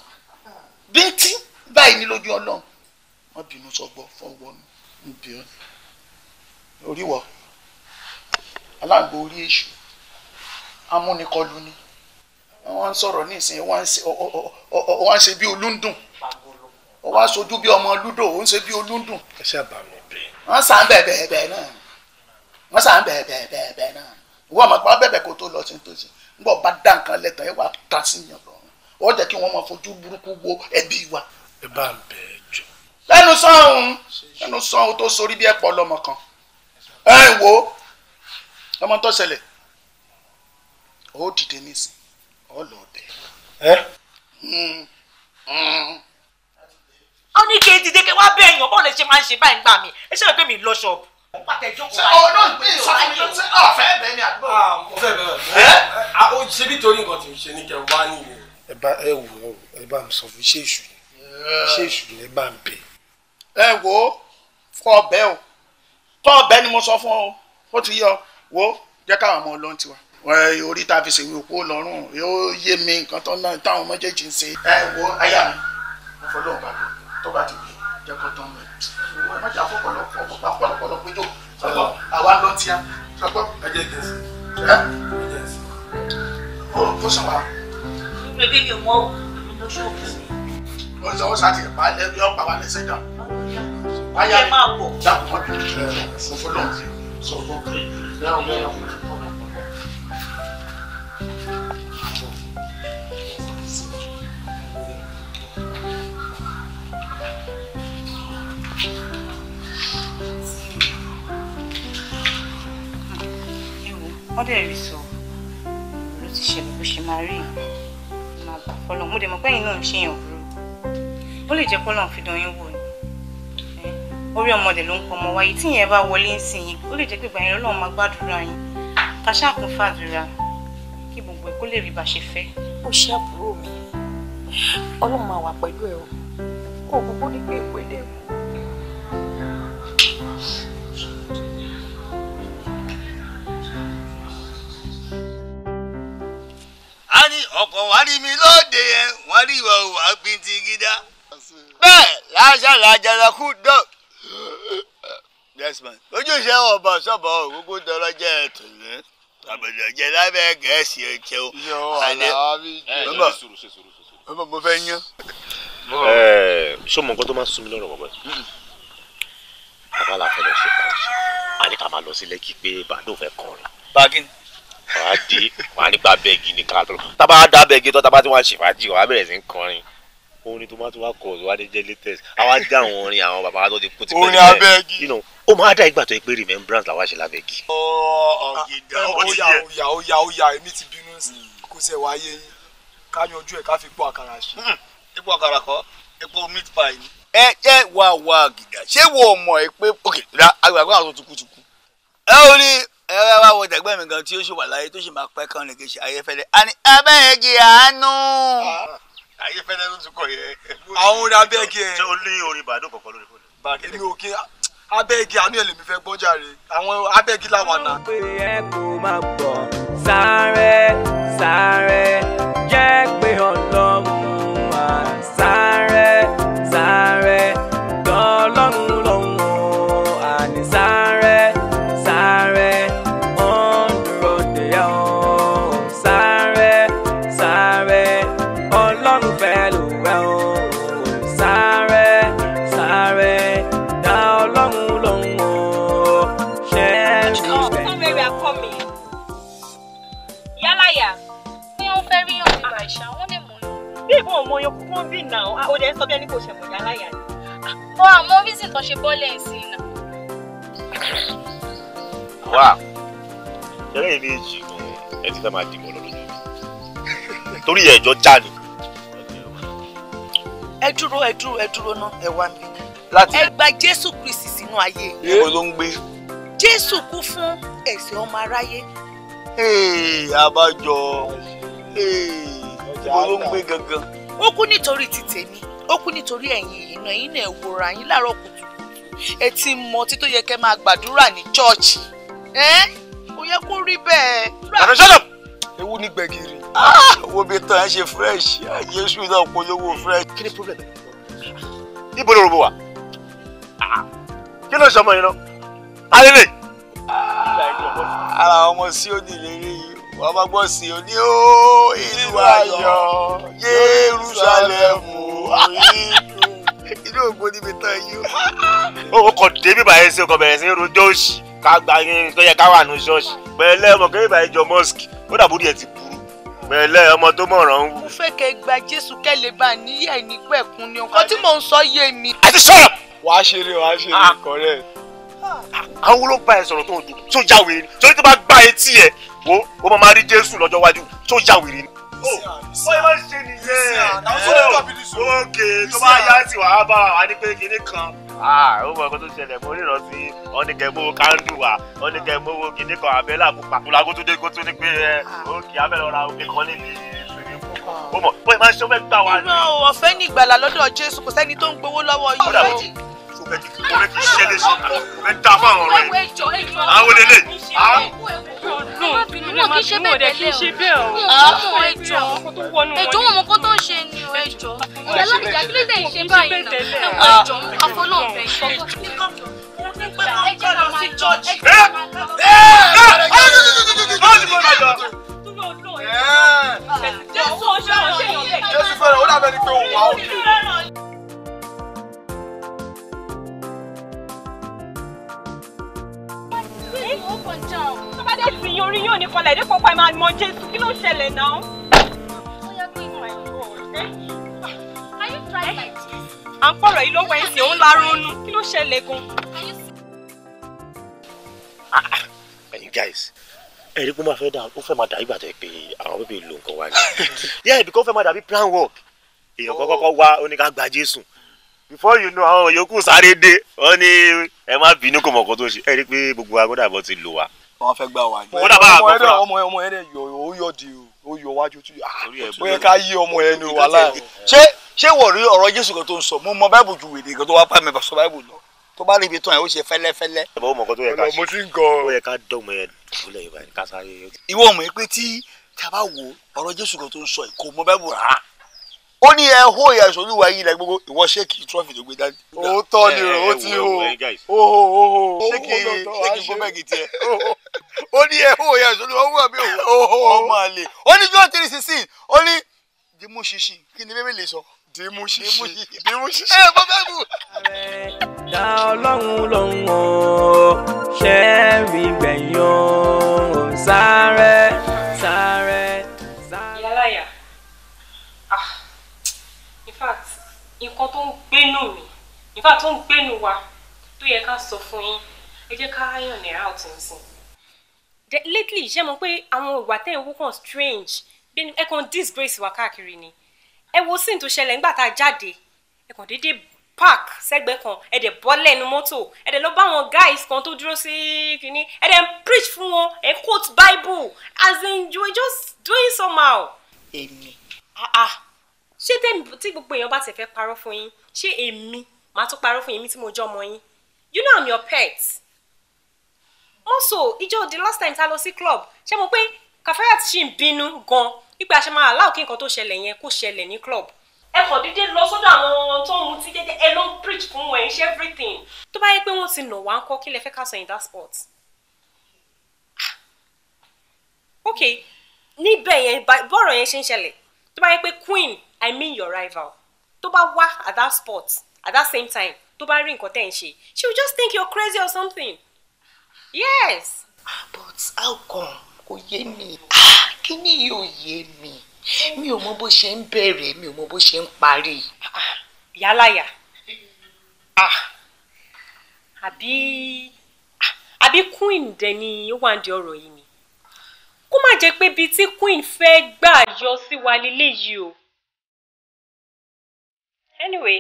bíntín báyìí ni lójú ọlọ́run wọ́n bínú sọgbọ́ fọwọ́nù níbi oríwọ̀ alágbó orí èṣù amúnikọlù ni wọ́n ń sọ̀rọ̀ ní ìsìn wọ́n ń ṣe bí olúndùn ó wá sojú bí ọmọ lúdò ó ń ṣe bí olúndùn. ẹ ṣe àbàmì bẹ́ẹ̀. wọ́n sàn bẹ̀bẹ̀ bẹ́ẹ̀ náà wọ́n sàn bẹ̀bẹ̀ bẹ́ẹ̀ bẹ́ẹ̀ náà ìwọ ọmọ pa bẹ̀bẹ̀ kó tó lọ sí tó sí nígbà bá dá nǹkan lẹ́tàn ẹ wà ta sí yàn lọ ó jẹ́ kí wọ́n máa fojú burúkú wo ẹbí wa. ẹ bá ń bẹ ẹ jọ. lẹ́nu sọ́hún lẹ́nu sọ́hún tó sorí bí ẹ̀pọ̀ lọ́mọ kan ẹ wo ọmọ tó ṣẹlẹ̀ ó dìde nísìn ọ lọ bẹ̀. ẹ. Hmm, hmm ó ní kí n dìde kí wá bẹ èèyàn bọ́ọ̀lù ṣe máa ń ṣe báyìí gbà mí ẹ ṣe pé mi lọ ṣọ́ọ̀bù. ṣe olóògbé ìsọfúnni ọ̀fẹ́ bẹ́ẹ̀ ni àdúgbò. ọ̀fẹ́ ah, bẹ́ẹ̀ bẹ́ẹ̀ ah, ó ṣe bí torí nǹkan tí mo ṣe ní kẹ wá nìyẹn. ẹ bá ẹ o tọ ọbẹ ni mo sọ fún ọ ó ti yọ wo jẹ káwọn ọmọ ọlọ́run tiwa orí tá a fi ṣèwé òkú lọ́rùn yóò yé mi nǹkan tó náà táwọn méjèèjì ń ṣe. ẹ wo aya mi mo fọlọ́ọ̀ bá mi bá ti pè jẹ́ kó tán mẹ́ ẹ má jà fọ́pọ̀lọpọ̀ pàpàpọ̀lọpọ̀ péjọ sọ́kọ́ àwa lọ tíá sọ́kọ́ ẹ jẹ́ ìjẹ́sì ẹ ìjẹ́sì ọ̀rọ̀ tó sọ̀wá. bébí mi ò mọ òun ló ṣe òkú mi. ó sọ ó ṣàtì ìpá lẹ́bí ọ̀pá wa lẹ́sẹ̀ dàn. wáyà máa bọ̀. dákùn mọ́tò sọ fún lọ́ọ̀tì sọ fún kí ẹ ọ̀gbẹ́ ọ̀gbẹ́. wọ́n dẹ̀ rí so ló ti ṣe bó ṣe máa rí máa gbà fọlọ́n mo dẹ̀ mọ̀ pé ẹ̀yin náà ń ṣe èèyàn burú ó lè jẹ́ fọlọ́n fi dán yín wò ni orí ọmọdé ló ń pọ ọmọ wáyé tí ìyẹn bá wọlé ń sìn yín ó lè jẹ́ pé ìgbà yẹn lọ́wọ́ máa gbàdúrà yín ká ṣáàkùn fàdúrà kí gbogbo ẹ̀ kó lè rí bá ṣe fẹ́. ó ṣe àbúrò mi ọlọ́run máa wà pẹ̀lú ẹ̀ o kò gbogbo ní pé ìpínlẹ̀ èkó ní ọkọ̀ wá rí mi lóde yẹn wọ́n rí ìwà òwà gbinti gídá. bẹ́ẹ̀ láṣàlá jẹrẹkú dán. ojúṣe ọ̀bọ̀ sọ̀bọ̀ ògógó dọ́rọ́ jẹ́ ẹ̀tọ́ yẹn àbẹ̀dẹ̀ jẹ lábẹ́ gẹ̀ẹ́sì ẹ̀jẹ̀ o. bàbá mo fẹ́ yán. ṣé o mọ nǹkan tó máa ń sunmi lọ́rọ̀ bàbá yìí. bàbá la fẹ́ lọ ṣe pàṣẹ àní ká máa lọ sí lẹ́kì pé bàdó fẹ́ kọrin. báàgì wàá dé wàá nígbà bẹ́ẹ̀gì ní kàtó tábà dá bẹ́ẹ̀gì tó tábà tí wọ́n ṣe fàájì wàá bẹ̀rẹ̀ sí ń kọrin orin tó máa tún wá kọ ọ̀rọ̀ wá jẹ́ latest àwa já àwọn orin àwọn bàbá tó ti kú ti pẹ́ orin abẹ́gi ó máa dá ìgbà tó yẹ pé remembrance làwa ṣe lábẹ́gi. ọ̀gìdà óyà wá yé ṣé wo mọ̀ ẹ pé ok àgbàgbà tó ti kú ti kú. ẹ ò ní ẹ wá wọ tẹ̀gbẹ́ mi gan tí ó ṣe wà láyé tó ṣe máa pẹ́ kan nìkejì ayéfẹ́lẹ́ àní abẹ́ẹ̀gì àánú. Ah, ayéfẹ́lẹ́ ló tún kọ yẹ. àwọn orin abẹ́ẹ̀gì ẹ. ṣé o ní orin bàdó kọ̀ọ̀kan lórí fóònù. èmi ò kí abẹ́ẹ̀gì àánú ẹ̀ lèmi fẹ́ gbọ́ jàre àwọn abẹ́ẹ̀gì làwọn àná. sáré sáré tán ṣe bọ́ọ̀lẹ̀ sí iná. wá ṣẹlẹ̀ ilé èjì ẹ ti fẹ́ máa dìbò lọ́dún mi torí ẹ̀jọ́ já ni. ẹ dúró ẹ dúró ẹ dúró ná ẹ wá mi. ẹ gba Jésù Kristi sínú ayé. èwo ló ń gbé. Jésù kú fún ẹ̀ṣẹ̀ ọmọ aráyé. abájọ èwo ló ń gbé gangan. ó kú nítorí ti tèmi ó kú nítorí ẹ̀yin ìyìnà yín náà wòrà yín láàárọ̀ kùtù ẹ ti mọ tí tó yẹ kẹ́ máa gbàdúrà ní chọ́ọ̀chì ẹ́ ó yẹ kó rí bẹ́ẹ̀. àná ṣọ́nà ewu ní gbẹ̀gìrì ah, owó bíi tán ẹ ṣe fresh yéṣu ah, náà polówó fresh. kí ni problem ẹ níbo ló rògbò wá kí ló ṣọmọ yìí náà alẹ́lẹ̀. Ah, ara ọmọ sí òní lérí wọn bá gbọ́ sí òní ó ìlú ayọ̀ yéèrú sálẹ̀ mú rí inú ògbó níbi tán yìí. ó kọ débi bàyẹn sí ọkọ bẹ̀rẹ̀ sí ro jọ́ọ̀ṣì ká gba tó yẹ ká wà ní ṣọ́ọ̀ṣì pẹ̀lẹ́ ọmọ kẹ́yìn bàyẹn jọ mọ́ọ̀sì ó dàbúrò yẹn ti burú pẹ̀lẹ́ ọmọ tó mọ̀ràn ń wù. mo fẹ́ kẹ́ gba jésù kẹ́lẹ́ bá a níyà ní pẹ̀kun ni nǹkan tí mò ń sọ yé mi. àti ah. sọ̀rọ̀. wàá ṣeré wàá ṣeré kọ́rẹ́. àwọn ló rí bóyá máa ń ṣe nìyẹn ókè tó bá yá sí wàá bá wa ní pé kinní kan. Ah, ó mọ nǹkan tó ṣẹlẹ̀ mo ríran sí ọ̀nìkẹ́mọ́wó kándù wa ọ̀nìkẹ́mọ́wó kinní kan abẹ́là pupa kúlá kó tó dé kó tó ní pé ókè eh, abẹ́lẹ̀ ọ̀ra òkè kan níbi ó mọ bóyá máa ń ṣe ó fẹ́ gbà wá. ìmọ̀ ọ̀fẹ́ ní ìgbàlà lọ́dọ̀ Jésù kò sẹ́ni tó ń gbowó lọ́wọ́ yìí fẹ́ kí mo fẹ́ kí iṣẹ́ lè ṣe fún àwọn ọ̀rẹ́ yìí àwọn olè lè. mo kì í ṣe bẹ́ẹ̀ tẹ́lẹ̀ o mo ẹjọ́ ẹjọ́ wọn mọ kó tó ń ṣe ni o ẹjọ́ ìyá lábìjà kí ló dé báyìí náà ẹjọ́ afọlọ́ọ̀fẹ́ ìṣọ́ Jésù fẹ́ràn ó dàbẹ́ ni pé òun wà ó ó tó bá dé sí orí yóò ní kọlẹ̀ èdè kọpa ẹ̀ máa mọ jésù kí ló ń ṣẹlẹ̀ náà. à ń pọ̀rọ̀ yìí lọ́wọ́ ẹ̀sìn òun lára ọ̀nù kí ló ṣẹlẹ̀ gan. ẹ̀rí kó máa fẹ́ dà ó fẹ́ máa dà ìgbà tó pé àwọn bíbí lo nǹkan wa ni yeah because ó fẹ́ máa dàbí plan work èèyàn kọ́kọ́ wá oníkàgbà jésù before you know how, yòókù sáré dé wọ́n ní ẹ má bínú kò mọ̀ kó tó ṣe ẹ rí i pé gbogbo agbọ́dọ̀ àbọ̀ ti lò wá. wọ́n fẹ́ gbà wá ní. wọ́n dábàá àgbọ̀ fúnra ọmọ ẹ ọmọ ẹ dẹ yọ di o yọ wájú tu. Ah, ó yẹ ká yí ọmọ ẹ ní wàhálà. ṣé ṣé wọ́n rí ọ̀rọ̀ Jésù kan tó ń sọ mo mọ báìbù ju wèdè kan tó wá pàmì sọ báìbù lọ tó bá rí ibi tán ẹ ó ṣe fẹ́lẹ́fẹ́lẹ́. ẹ bá wọ́n mọ̀ ẹ pé tí tí a bá wo ọ̀rọ̀ Jésù kan tó ń sọ yìí kò mọ báìbù rárá ó ní ẹ hó ìyàsọ olúwa yìí la gbogbo ìwọ ṣéèkì trọfì tó gbé dání. òótọ́ ni o ó ti hó oho oho ṣéèkì ṣéèkì gómẹ̀gì tiẹ̀ ó ní ẹ hó ìyàsọ olúwa wúwa mi oho ọmọ àlè ó ní john three sixteen ó ní dimu ṣinṣin kí ni bíbélì sọ. dimu ṣinṣin dimu ṣinṣin. ẹ bọ́ bẹ́ẹ̀ bù. dá ọlọ́run lóhùn ó ṣẹ́ẹ̀rì gbẹ̀yàn sáré. nǹkan tó ń gbénú mi nígbà tó ń gbénú wa tó yẹ ká sọ fún yín ẹ jẹ́ ká yàn náírà ọ̀tí nsìn. lately ṣé mo pé àwọn ìwà tẹ̀ ń wú kan strange ẹ kàn disgrace wa káàkiri ni ẹ wo sin tó ṣẹlẹ̀ nígbà tá a jáde ẹ kàn déédéé park sẹ́gbẹ́ kan ẹ dẹ̀ bọ́ lẹ́nu mọ́tò ẹ dẹ̀ lọ bá àwọn guys kan tó dúró sí kínní ẹ dẹ̀ preach fún wọn ẹ quote bible as in you were just doing somehow. èmi. ah ah ṣé tí gbogbo èèyàn bá ti fẹ́ parọ́ fún yín ṣé èmi màá tún parọ́ fún yín mi tí mo jọ́ ọmọ yín you know i'm your pet also ìjọ the last time ta lọ sí club ṣé mo pé Kafayat ṣì ń bínú gan wípé a ṣe máa aláwọ̀ kí nǹkan tó ṣẹlẹ̀ yẹn kó ṣẹlẹ̀ ní club ẹ kàn dídé lọ sọ́dọ̀ àwọn tó ń mutí jẹ́jẹ́ ẹ ló ń preach fún wọn ṣe everything. tó bá yẹ pé wọ́n ti nà wá ń kọ́ kí lẹ fẹ́ ká sọ in that sport. ok níbẹ̀ yẹn bọ́ọ̀rọ̀ yẹn ṣe ń ṣẹlẹ̀ tó bá yẹ pé queen i mean your rival tó bá wá at that spot at that same time tó bá rí nǹkan tẹ̀ ń ṣe she will just think you're crazy or something yes. Ah, but how come kò yé mi ah, kí ni yóò yé mi mi ò mọ bó ṣe ń bẹ̀rẹ̀ mi ò mọ bó ṣe ń parí. Ah, yálàyà àbí àbí queen dẹ̀ ni ó wà ní ọ̀rọ̀ yìí ni kó má jẹ́ pé bíi tí queen fẹ́ gbà yọ sí wa lélẹ́yìí o anyway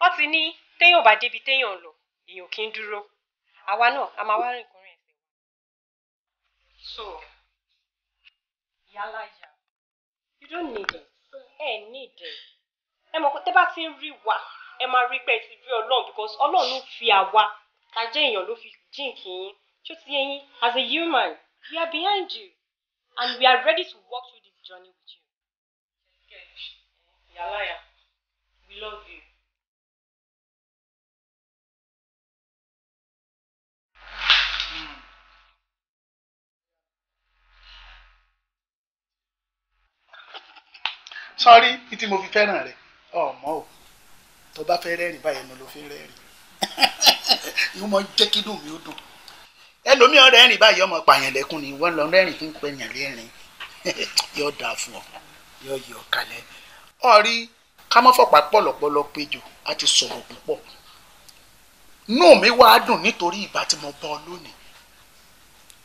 wọ́n ti ní téèyàn bá débi téèyàn lọ èèyàn kì í dúró àwa náà a máa wá rìn kúnrin ẹsẹ̀ so yálà yà you don't need it ẹ need it ẹ mọ̀ pé tẹ́ bá ti ń rí wa ẹ máa rí pé ẹ ti rí ọlọ́run because ọlọ́run ló fi àwa ta jẹ́ èèyàn ló fi jíǹkì yín tó ti yẹn yín as a human we are behind you and we are ready to walk through this journey with you. yàrá yàrá. We love you. Mm. Sorry, ní tí mo fi fẹ́ràn rẹ̀ ọmọ o tó bá fẹ́ rẹ́rìn báyìí ẹnu ló fi rẹ́rìn ìwọ́n mọ jẹ́ kí dùn mí ó dùn ẹlòmíràn rẹ́rìn báyìí ọmọ pààyàn lẹ́kùn ni wọ́n lọ rẹ́rìn tí ń pẹ̀yàn lẹ́rìn yóò dáa fún ọ yóò yọ kalẹ̀ ọ ká má fọ̀pá pọ̀lọ̀pọ̀lọ̀ péjọ a ti sọ̀rọ̀ púpọ̀ inú mi wá dùn nítorí ìbá tí mo bọ́ lónìí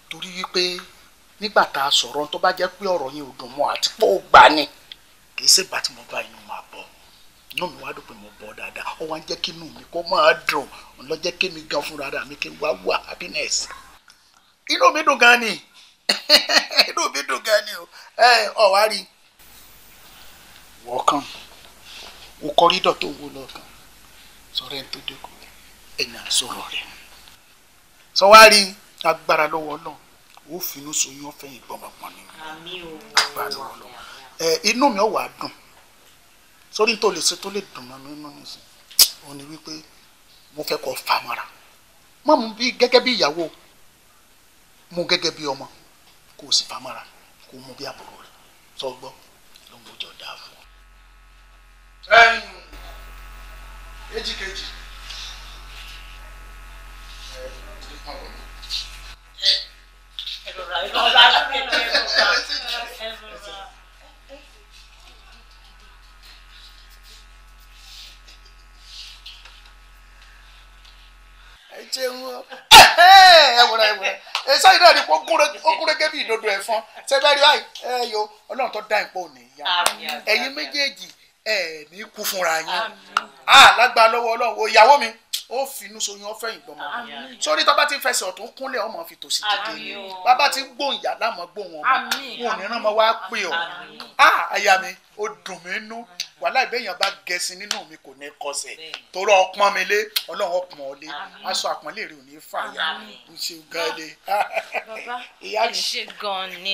torí wípé nígbà tá a sọ̀rọ̀ tó bá jẹ́ pé ọ̀rọ̀ yẹn ò dùn mọ́ àti pé ó gbà ni kì í ṣègbà tí mo bá yín máa bọ̀ inú mi wá dùn pé mo bọ̀ dáadáa ó wá ń jẹ́ kí inú mi kó máa dùn ọlọ́jẹ́ kí mi gan fúnra rà mí kí n wá wà happiness inú mi dùn gan ni inú mi dùn gan ni o ẹ ọ̀ wá rí welcome wo kọ́rídọ̀ tó wó lọ́kàn sọ̀rọ̀ ẹni tó dẹ́kun ẹ̀yìn àsọ̀rọ̀ rẹ̀ sọwárí agbára lọ́wọ́ náà ó finú soyún ọ̀fẹ́ yìí gbọ́mọgbọ́n ni agbára lọ́wọ́ náà ẹ inú mi ò wá dùn sórí tó lè ṣe tó lè dùn mọ́ mi mi sí òun ni wípé mo fẹ́ kọ́ famara mọ́ mu bí gẹ́gẹ́ bí ìyàwó mu gẹ́gẹ́ bí ọmọ kò sì famara kò mu bí àbúrò rẹ̀ sọ ló ń gbọ́jọ dáa fún èjìkejì ẹ jẹun ẹ wọra ẹ wọra ẹ sáyìn náà ni kó gúnrégé bí ìdodo ẹ̀fọn ṣẹbẹ rí báyìí ẹ yọ Ọlọ́run tó dá ìpò òní yá ẹ̀yin méjèèjì ẹ ní kú fúnra yín a lágbá lọ́wọ́ ọlọ́run ìyàwó mi ó finú soyún ọ fẹ̀yìn gbọmọ sórí tó bá ti fẹsẹ̀ ọ̀tún kúnlẹ̀ ọmọ fi tòsí dìde bàbá ti gbóhùn ìyá lámọ̀ gbóhùn ọmọ wọn ò ní rán ọmọ wá pè ọ́ a àyà mi ó dùn mí nú wàhálà ìbéèyàn bá gẹ̀ẹ́sì nínú mi kò ní kọsẹ̀ torọ ọpọ́n mi lé ọlọ́run ọpọ́n ọ lé aṣọ àpọ́nlé rẹ ní fàyà ń ṣe gan ni. bàbá ẹ ṣe gan ni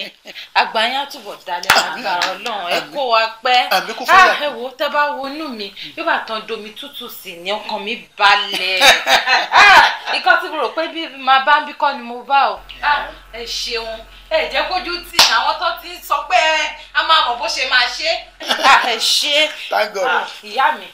àgbáyé àtúbọ̀ dalẹ̀ àgbàrá ọlọ́run ẹ kó wa pẹ́ ah, ẹ wo tẹ́ bá wọnú mi yóò tán domi tútù sí ni ọkàn mi balẹ̀ ah, ikọ́ tí mo rò pé bí màá bá ń bí kọ́ ni mo bá o ah, ẹ ṣeun ẹ jẹ́ kójú tì ní àwọn tó ti sọ pé a máa mọ̀ bó ṣe máa ṣe. ẹ ṣe ah, ìyá mi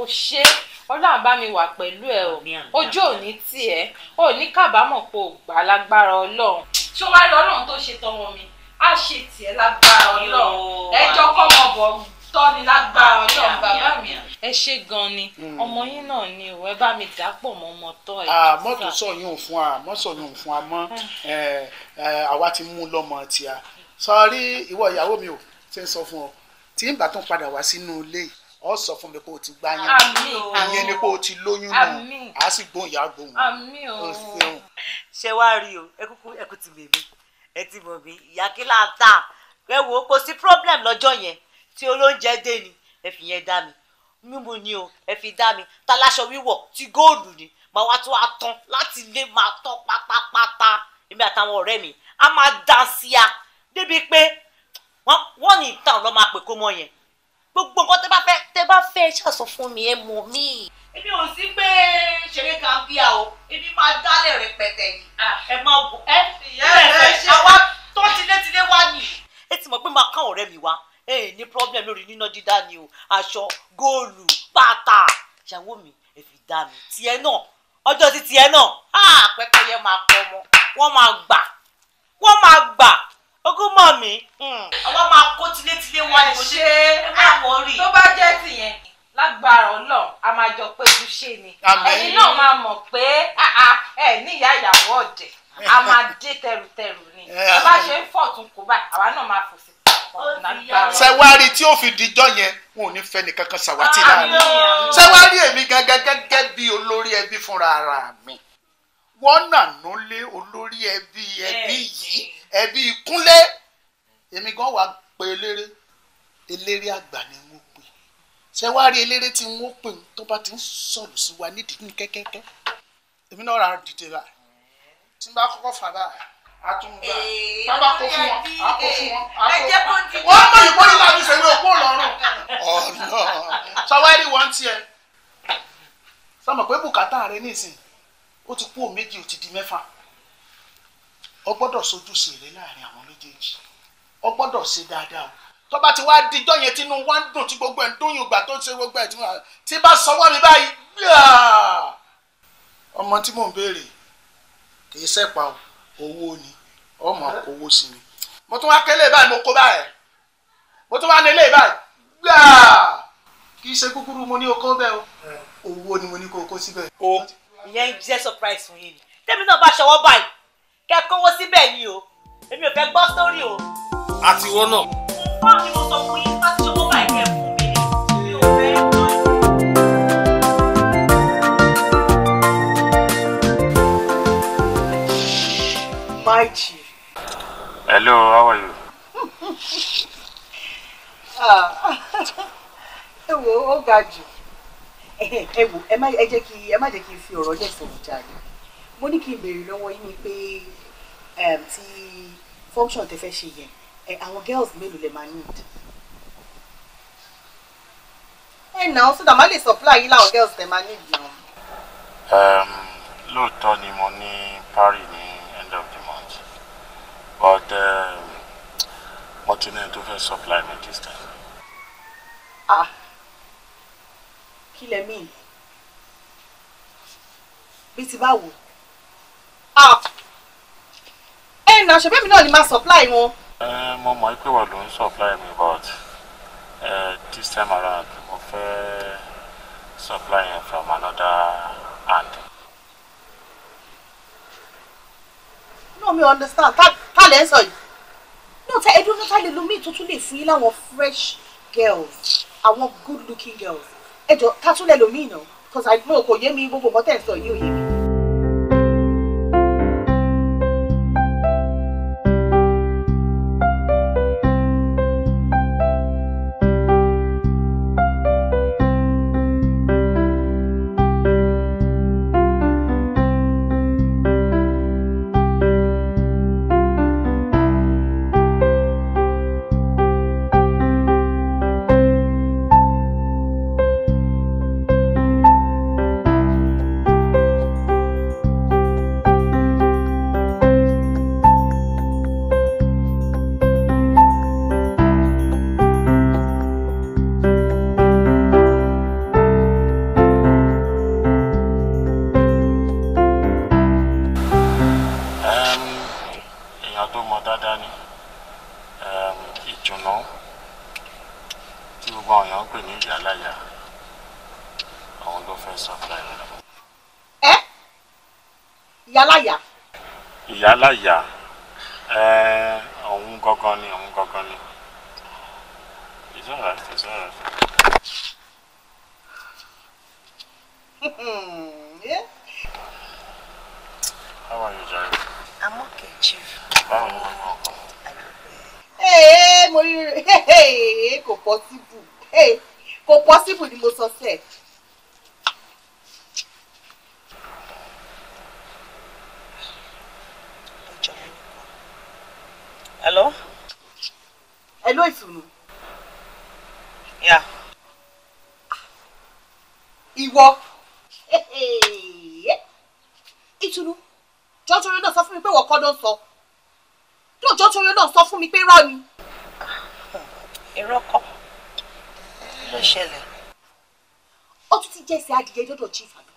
ò ṣe ọlọ́run bá mi wà pẹ̀lú ẹ o ojú òní tì ẹ ò ní kábàámọ̀ pé o gbà lágbára ọlọ́run. ṣé wàá rí ọlọ́run tó ṣe tọmọ mi á ṣe tiẹ̀ lágbára ọlọ́run ẹjọ́ kọ́ mọ̀ bọ̀ tọ́ni lágbára ọlọ́run bàbá mi. ẹ ṣe gan ni hmm. ọmọ yín náà ni ò ẹ bá mi dàpọ̀ mọ́ ọmọ tọ́ ẹ. àmọ́ tó sọ yún fún wa mọ́ sọ yún fún wa Eh, àwa ti mú lọ́mọ tíya sọrí ìwọ ìyàwó mi ò ṣe ń sọ fún ọ tí ń bá tún padà wá sínú ilé ọ sọ fún mi pé o ti gbá yẹn ìyẹn ni pé o ti lóyún náà a sì gbóhùn ìyá gbóhùn o ṣeun. ṣé wàá rí o ẹ kúkú ti bèbí ẹ ti mọ̀ mí ìyá kí là ń tà ẹ wò kò sí problem lọ́jọ́ yẹn tí olóúnjẹ dé ni ẹ fi yẹn dá mi mímu ni o ẹ fi dá mi taláṣọ wíwọ̀ ti góòlù ni màá wá tó a tán láti lè máa tán pátápátá èmi àtàwọn ọ̀rẹ́ mi a máa dá sí a débi pé wọ́n ní ìtàn lọ́ máa pè kó mọ yẹn gbogbo nǹkan tẹ́ bá fẹ́ tẹ́ bá fẹ́ ṣàṣọ fún mi ẹ mọ̀ mí. èmi ò sí pé ṣeré kan bí a o èmi máa dálẹ̀ rẹpẹtẹ yìí ẹ máa bọ ẹ ìyá ẹ ṣe àwa tó tilétilé wá nì. ẹ ti pé máa kán ọ̀rẹ́ mi wá ẹ ní problem lórí níná dídá ni o aṣọ góòlù pátá ìyàwó mi ẹ fi dá mi tiẹ̀ náà ọjọ́ ti tiẹ̀ náà á pẹ́pẹ́yẹ máa pọ̀ mọ́ wọ́n máa gbà wọ́n máa gbà ogún mọ̀ mí. Hmm. àwọn máa kó tilétilé wá ní ṣe é má ah, wọ́n rí. tó bá jẹ́ tìyẹn lágbára Ọlọ́run a máa jọ pé ojúṣe ni ẹ̀yin náà máa mọ̀ pé ah, ah, ẹ ní ìyá ìyàwó ọ̀dẹ̀ a máa dé tẹrùtẹrù ni eh, bá ṣe ń fọ̀tún kó báyìí àwa náà máa fòsì sẹwárí tí ó fi dijọ́ yẹn wọn ò ní fẹ́ nìkankan ṣàwátì láàrin sẹwárí èmi gangan gẹ́gẹ́ bí olórí ẹbí fúnra ara mi wọ́n nànú lé olórí ẹbí ẹbí yìí ẹbí kúnlé èmi gan wàá pe eléré eléré àgbà ni wọ́n pè ṣé wàá rí eléré tí wọ́n pè tó bá ti ń sọ̀rọ̀ sí wa nídìí ní kẹ́kẹ́kẹ́ èmi náà ra dìde rà tí n bá kọ́kọ́ fà bá a tún gbà bàbá kó fún wọn a kó fún wọn a kó fún wọn wọn mọ ìbọn ìlànà ìṣẹ̀lẹ̀ òpó lọ́rùn ọ̀nà sọ wá rí wọn tiẹ̀ sọ ma pé bùkátà rẹ nísìnyí ó ti kú méjì ó ti di mẹ́fà ọ gbọ́dọ̀ sojúṣe rẹ láàrin àwọn méjèèjì ọ gbọ́dọ̀ ṣe dáadáa o tó bá ti wá dijọ́ yẹn tínú wá ń dùn tí gbogbo ẹ̀ ń dún yùn gbà tó ń ṣe gbogbo ẹ̀ tí wọ́n ti bá sọwọ́ mi báyìí ọmọ tí mò ń béèrè kì í sẹ́pa owó ni ọmọ owó sí ni mo tún wá kélé báyìí mo kó báyìí mo tún wá nílé báyìí gbáà kì í ṣe kúkúrú mo ní okó bẹ́ẹ̀ o owó ni mo ní kó o kó síbẹ̀ ìyẹn ń jẹ́ surprise fún yín ni tẹ́mi náà bá ṣọwọ́ báyìí kẹ́ kówó síbẹ̀ ni o èmi ò fẹ́ gbọ́ sórí o. àtiwọ́ náà. fọ́ọ̀mù ni mo sọ fún yín bá ti ṣọwọ́ báyìí kẹ́ fún mi ni mi ò fẹ́ gbọ́. Maichi. Hello, how are you? ah, ẹ wo ó ga jù ẹ eh, eh, wò ẹ má jẹ́ kí ẹ má jẹ́ kí n fi ọ̀rọ̀ jẹ́ sọ̀rọ̀ jáde mo ní kí n béèrè lọ́wọ́ yín ni pé ehm, ti function tẹ fẹ́ ṣe yẹn àwọn girls mélòó lè máa need. ẹ nà ó sódà má lè supply yín láwọn girls tẹ máa need náà. Ehm, lóòótọ́ ni mo ní Paris ní end of the month but ehm, mo tún ní ẹni tó fẹ́ supply me this time. ah kí lẹ mí bí ti bá wò. Ah! ẹ nà ṣe bẹ́ẹ̀ náà ni máa supply wọn. mo mọ̀ pé wà ló ń supply mi but uh, this time around mo fẹ́ supply yẹn from another hand. no mi understand ta ta sọ yìí no ta edu ta lè lo mi tuntun lè fún yín láwọn fresh girls àwọn good looking girls ẹ jọ ká tún lẹ lómi ìnà kọsà mo gbogbo nǹkan tẹ̀ ń sọ yìí ò yé possible hey, for possible the most success. sẹ́ẹ̀. Hello? Hello, Ìtùnú. Yeah. Iwo. Hey hey. náà sọ fún mi pé me kọ́ ló ń sọ. Lóòjọ́ jọ́jọ́rẹ́ náà sọ me mi pé irọ́ ni. Irọ́ ló ṣẹlẹ̀? ó tún ti jẹ́sẹ̀ adìyẹ dọ́dọ̀ chief àbí.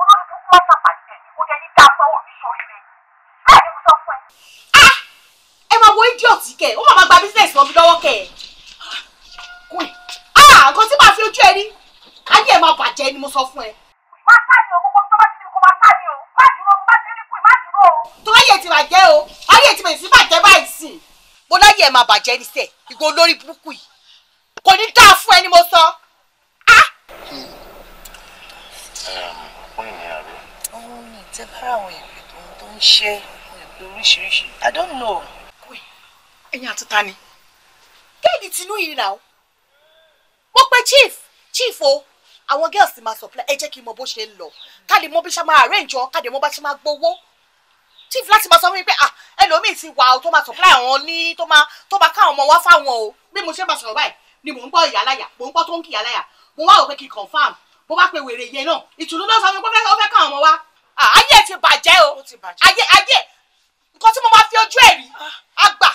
olórí tó kọ́ sàpàdé kò jẹ́ ní dáàbò òṣìṣẹ́ rẹ̀ bẹ́ẹ̀ ni mo sọ fún ẹ. Ah! ẹ máa wo idiot kẹ ó máa gba business mọ́ mi lọ́wọ́ kẹ. Ah! nǹkan tí màá fi ojú ẹ rí ayé ẹ máa bàjẹ́ ni mo sọ fún ẹ. má sáyé o gbogbo tó bá ti di kó má sáyé o má dúró má ti rí kù má dúró. tó ayé ti bàjẹ́ o ayé ti bẹ̀rẹ̀ sí bàjẹ́ báyìí sìn. mo láyé ẹ máa bàjẹ́ ní sẹ́ẹ̀ ìgò olórí burúkú yìí kò ní dáa fún ẹ mo sọ. ohun i don't know. ẹ̀yin àti ta ni géèdì tinú yìí rà ó mo pe chief chief o àwọn girls ti máa supply ẹ jẹ́ kí n mọ bó ṣe ń lọ káde mo bí ṣe máa arrange ọ káde mo bá ṣe máa gbowó chief láti máa sọ fún mi pé ah ẹlòmíì ti wà ó tó máa supply àwọn ní tó máa tó máa káwọn ọmọ wá fáwọn o bí mo ṣe máa sọ̀rọ̀ báyìí ni mò ń gbọ́ ìyáláyà mò ń gbọ́ tó ń kí ìyáláyà mo wá òpè kí confam mo bá pe wèrè yẹn náà ìtùnú náà sọ fún mi pé ó fẹ́ ká ọmọ wa. ayé ti bàjẹ́ o ayé ayé nǹkan tí mo máa fi ojú ẹ̀ rí á ah. gbà.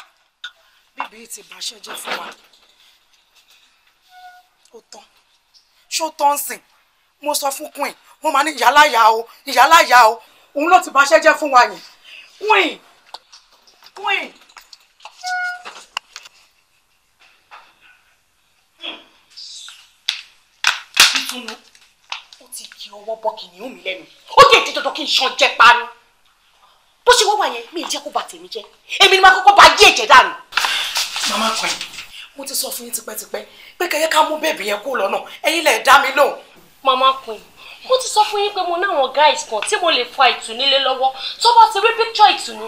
bíbí ti bàṣẹ jẹ́ fún wa ó tán ṣó tán sìn mo sọ fún queen wọn máa ní ìyáláyà o ìyáláyà o òun ló ti bàṣẹ jẹ́ fún wa yẹn queen queen. Ìtùnú ó ti kí ọwọ́ bọ́ kìnìún mi lẹ́nu ó dé di dandan kí n ṣan jẹ panu bó ṣe wọ́n wà yẹn mi ì jẹ́ kó ba tèmi jẹ́ èmi ni máa kọ́kọ́ ba yé ẹ̀jẹ̀ dànù. màmá kan yìí mo ti sọ fún yín tipẹ́tipẹ́ pé kẹ́yẹ́ ká mú bèbí yẹn kó lọ́nà ẹ̀yin lẹ̀ dá mi lóhùn. màmá kan yìí mo ti sọ fún yín pé mo náwọn guys kan tí mo lè fa ìtùnú lé lọ́wọ́ tó bá ti rí picture ìtùnú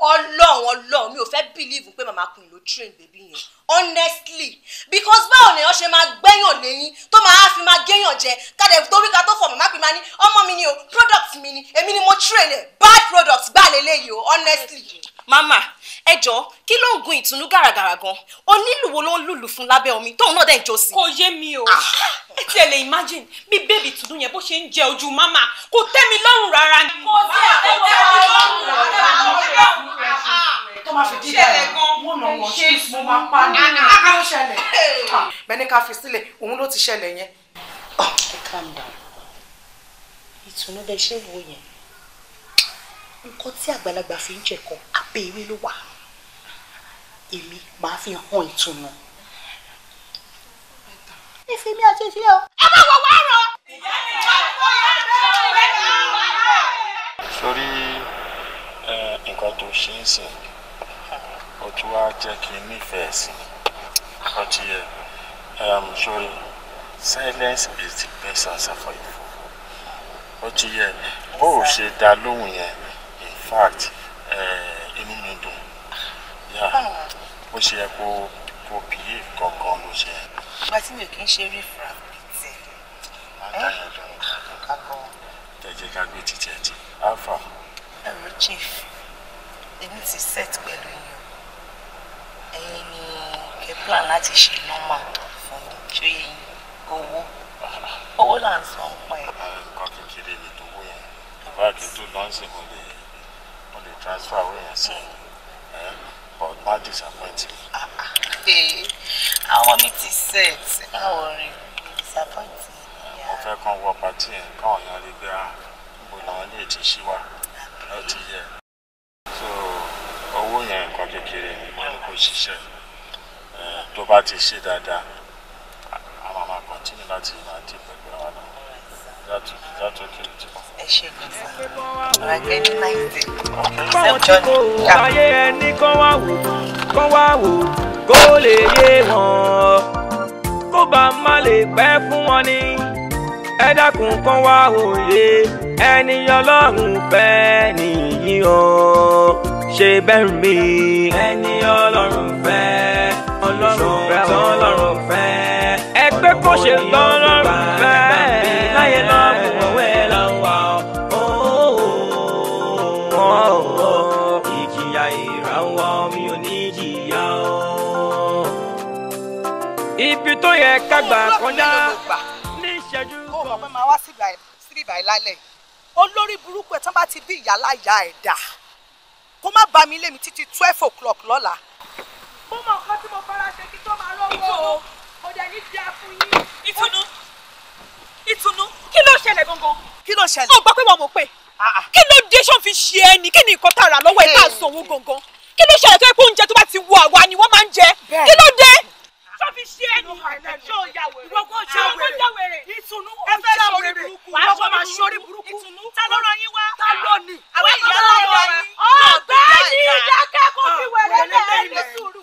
ọlọ́run ọlọ́run mi ò fẹ́ believe pé màmá kun ló train baby yẹn honestly because báwo ni wọ́n ṣe máa gbẹ́yàn lẹ́yìn tó máa fi máa gẹ́yàn jẹ kádẹ torí ká tó fọ màmá pè máa ní ọmọ mi ni o product mi ni èmi ni mo train ẹ bad product gbà lélẹ́yìí o honestly. mama ẹ jọ kí ló ń gun ìtùnú gàràgàrà gan onílù wo ló ń lùlù fún lábẹ́ omi tóun náà dẹ̀ ń jó sí. kò yé mi o ah. ẹ tiẹ̀ lè imagine bí bébì tùdú yẹn bó ṣe ń jẹ ojú mama kò tẹ́ mi lọ́rùn rárá ni. kò sí àtẹ̀wé lọ́rùn rárá má fi dídá ẹ̀ wọ́n nà wọ́n ṣe mo máa pa ní kí ló ṣẹlẹ̀ ah. bẹ́ẹ̀ni ká fi sílẹ̀ òun ló ti ṣẹlẹ̀ yẹn. Ah, ẹ calm down ìtùnú bẹ ṣé wo yẹn nǹkan tí àgbàlagbà fi ń jẹ̀kọ́ abéèrè ló wà èmi máa fi hàn ìtùnú. ìfimi àti ìṣe o ẹ má wọ wá rọ. sórí nǹkan tó ṣe é sìn ó tún wá jẹ́ kí n nífẹ̀ẹ́ sí i ọtí yẹ sórí silence is the best answer for you ó ti yẹ bó o ṣe dá lóhùn yẹn in fact inú mi dùn bó ṣe yẹ kó kó bìyè gangan ló ṣe. ìgbà tí mi ò kí ń ṣe rí fura bìtì. àdáyé ló ká gbé títí ẹ̀ tí alpha. ẹ̀rọ chief èmi ti set pẹ̀lú yín ẹ̀yin ni ẹ plan láti ṣe normal fún ṣé owó owó là ń san pa ẹ̀. nǹkan kékeré ni tówó yẹn ìbáàkì tó lọ́nsìn mo lè mo lè transfer owó yẹn sí ẹ but má disappoint me. Ah, ah. Eh, àwọn mi ti set báwo rí disappoint me. mo fẹ́ kàn wọ pàtí yẹn káwọn yẹn rí gbé gbogbo ah, làwọn lè ti ṣí wa ẹ ti yẹ so owó yẹn nǹkan kékeré ni kó ṣiṣẹ́ tó bá ti ṣe dáadáa a máa máa láti máa dé pẹ̀lú àwọn náà dátó dátó kiri tí mo. ẹ ṣe kí n ní náìtì. báwọn ti kó ayé ẹni kán wá wò kán wá wò kó lè yé wọn kó bá má lè pẹ́ fún wọn ni ẹ dákun kán wá òye ẹni ọlọ́run fẹ́ nìyí o ṣe bẹ́rù mi. ẹni ọlọ́run fẹ́ ọlọ́run fẹ́ ọlọ́run fẹ́. ẹgbẹ́ kò ṣe lọ́lọ́run fẹ́ láyé náà mú ọwẹ́ lọ́wọ́ o. ìjìyà ìrànwọ́ mi ò ní jìyà o. ibi tó yẹ ká gbà kọjá ní ìṣẹ́jú. ó mọ̀ pé màá wá síbí báyìí lálẹ́ olórí burúkú ẹ̀ tán bá ti bí ìyá láyà ẹ̀ dà kó má bá mi lé mi títí twelve o'clock lọ́la. mo mọ nǹkan tí mo fara ṣe kí tó máa lọ́wọ́ o kò dẹ̀ ní bí a fún yín. ìtùnú ìtùnú kí ló ṣẹlẹ̀ gangan. kí ló ṣẹlẹ̀. ó gbọ́ pé wọn mọ̀ pé ah, ah. kí ló dé ṣó fi ṣe ẹ ní kí ni nǹkan tààrà lọ́wọ́ ẹ̀ tá à ń sanwó gangan kí ló ṣẹlẹ̀ tó yẹ kó tó bá ti wọ àwa ni wọ́n máa ń jẹ kí ló dé tó fi ṣe é ní ṣé o ya wèrè. ìwọ kò ṣe àwọn kò ya wèrè. ìtùnú ẹ fẹ́ sori burúkú wàá kọ́ máa sori burúkú. ìtùnú ta ló rán yín wá. ta ló ní. àwọn ìyá ló rán yín. ọgbẹ́ni ìdákẹ́kọ̀ọ́ fi wẹ̀rẹ̀ ah, lẹ́ẹ̀ ní sùúrù.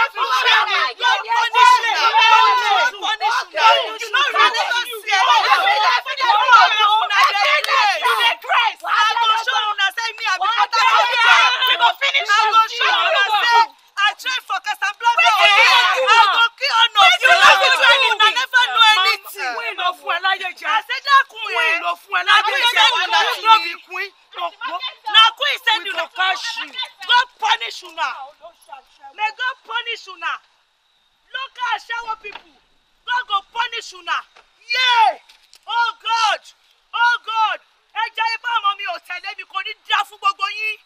want to share it. Don't punish me. Don't punish me. You know you are not scared. I go show you I'm una say me I be better for you. We go finish you. I go show una say I train for Casablanca. I go kill all of you. You no be training. I never know anything. Wọ́n ìlọ fún ẹ láyé jẹ. Àṣẹ́dákùn yẹn. Wọ́n ìlọ fún ẹ láyé jẹ. Àwọn ẹgbẹ́ mi ló fi kún. Na kún ìṣẹ́ni lọ. Go punish una may God punish una. Local shower people, God go punish una. Yeah! Oh God! Oh God! Ẹ jẹ́ ipá ọmọ mi ò tẹ̀lé mi kò ní dá fún gbogbo yín.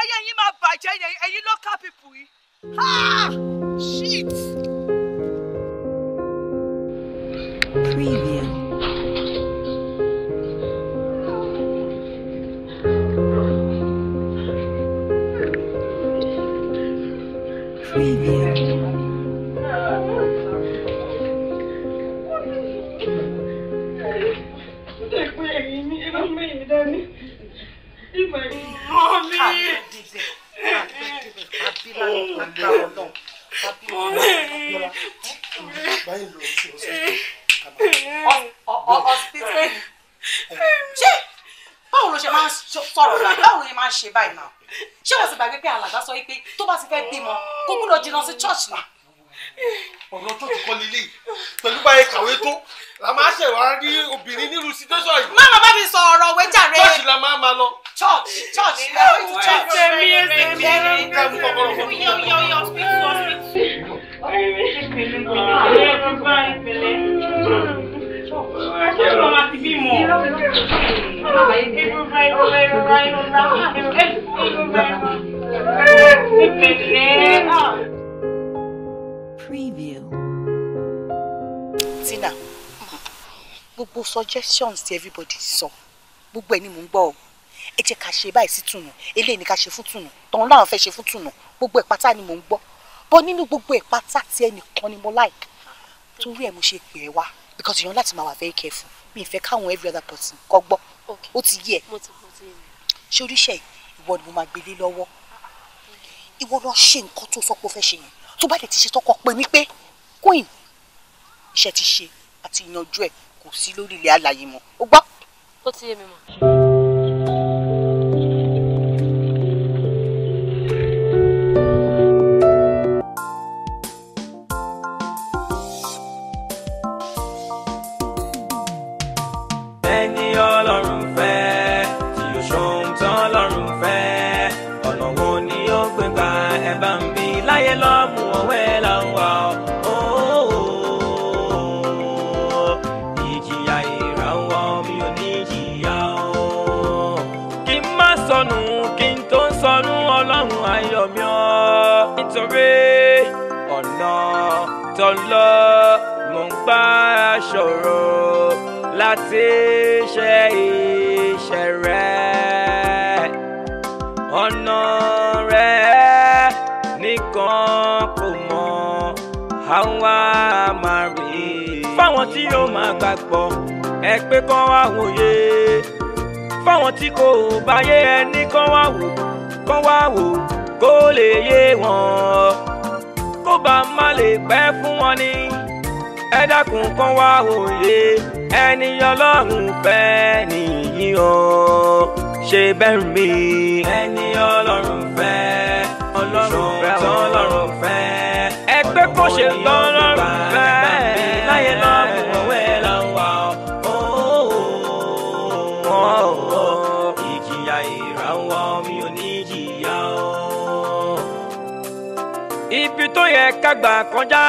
Ayé yín máa bàjẹ́ yẹn ẹ̀yin local people yìí. Ha! Shit! sí lánàá tó gbá wọn náà pápí ìlú báyìí ló ń sọ ọsibítù ṣé báwo ló ṣe máa ń sọ̀rọ̀ báyìí báwo ló ṣe máa ń ṣe báyìí náà ṣé wọ́n ti gbàgbé pé alàgbà sọ wípé tó bá ti fẹ́ bímọ kó kúrò jìnnà sí church náà ọ̀nà tó ti kọ́ lélẹ̀ pẹ̀lú báyẹn kàwé tó la máa ṣe wá rí obìnrin nílùú situation yìí. má bàbá mi sọ ọ̀rọ̀ òwe jàre. church la máa ma lọ. church church la wọ́n ti church. tèmi èsèmi èsèmi kẹ́mu kọ́kọ́rọ́ fún mi. yọ yọ yọ speak to speak to. Ọjọ́ máa ti bímọ. Ìrora ìrora ìrora ìrora ìrora ìrora. Ìpèlè preview. Tina, gbogbo suggestions ti everybody sọ, gbogbo ẹ̀ ni mò ń gbọ́ o. Ẹ jẹ́ ká ṣe báyìí sí Tùnú, eléyìí ni ká ṣe fún Tùnú, tọ̀hún láwọn fẹ́ ṣe fún Tùnú, gbogbo ẹ̀ pátá ni mò ń gbọ́. Bọ́ nínú gbogbo ẹ̀ pátá tí ẹnìkan ni mo like. Torí ẹ̀ mo ṣe pè é wá because èèyàn láti máa wà very careful. Mi ì fẹ́ káwọn every other person kọ́ gbọ́. Ó ti yẹ. Ṣé oríṣẹ́ ìwọ ni mo máa gbélé lọ́wọ́? Ìwọ lọ ṣe nǹkan tó sọ pé ó fẹ́ ṣe yẹn tó bá dẹ̀ ti ṣe tọkọ pé mi pé queen iṣẹ́ ti ṣe àti ìyanjú ẹ̀ kò sí lórí ilẹ̀ mọ́ ó gbọ́. ó ti yé mi mọ́. bá gbọ́ ẹ pé kán wá wòye fáwọn tí kò báyé ẹni kán wá wò kán wá wò kó lè yé wọn kó bá má lè pẹ́ fún wọn ni ẹ dákun kán wá wòye ẹni ọlọ́run fẹ́ nìyí o ṣe bẹ́ẹ̀ mi ẹni ọlọ́run fẹ́ ọlọ́run fẹ́ ọlọ́run fẹ́ ẹgbẹ́ kó ṣe lọ́rùn. kàgbà kọjá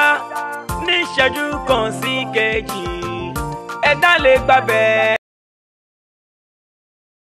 níṣẹ́jú kan sí kejì ẹ̀dá lè gbàbẹ́.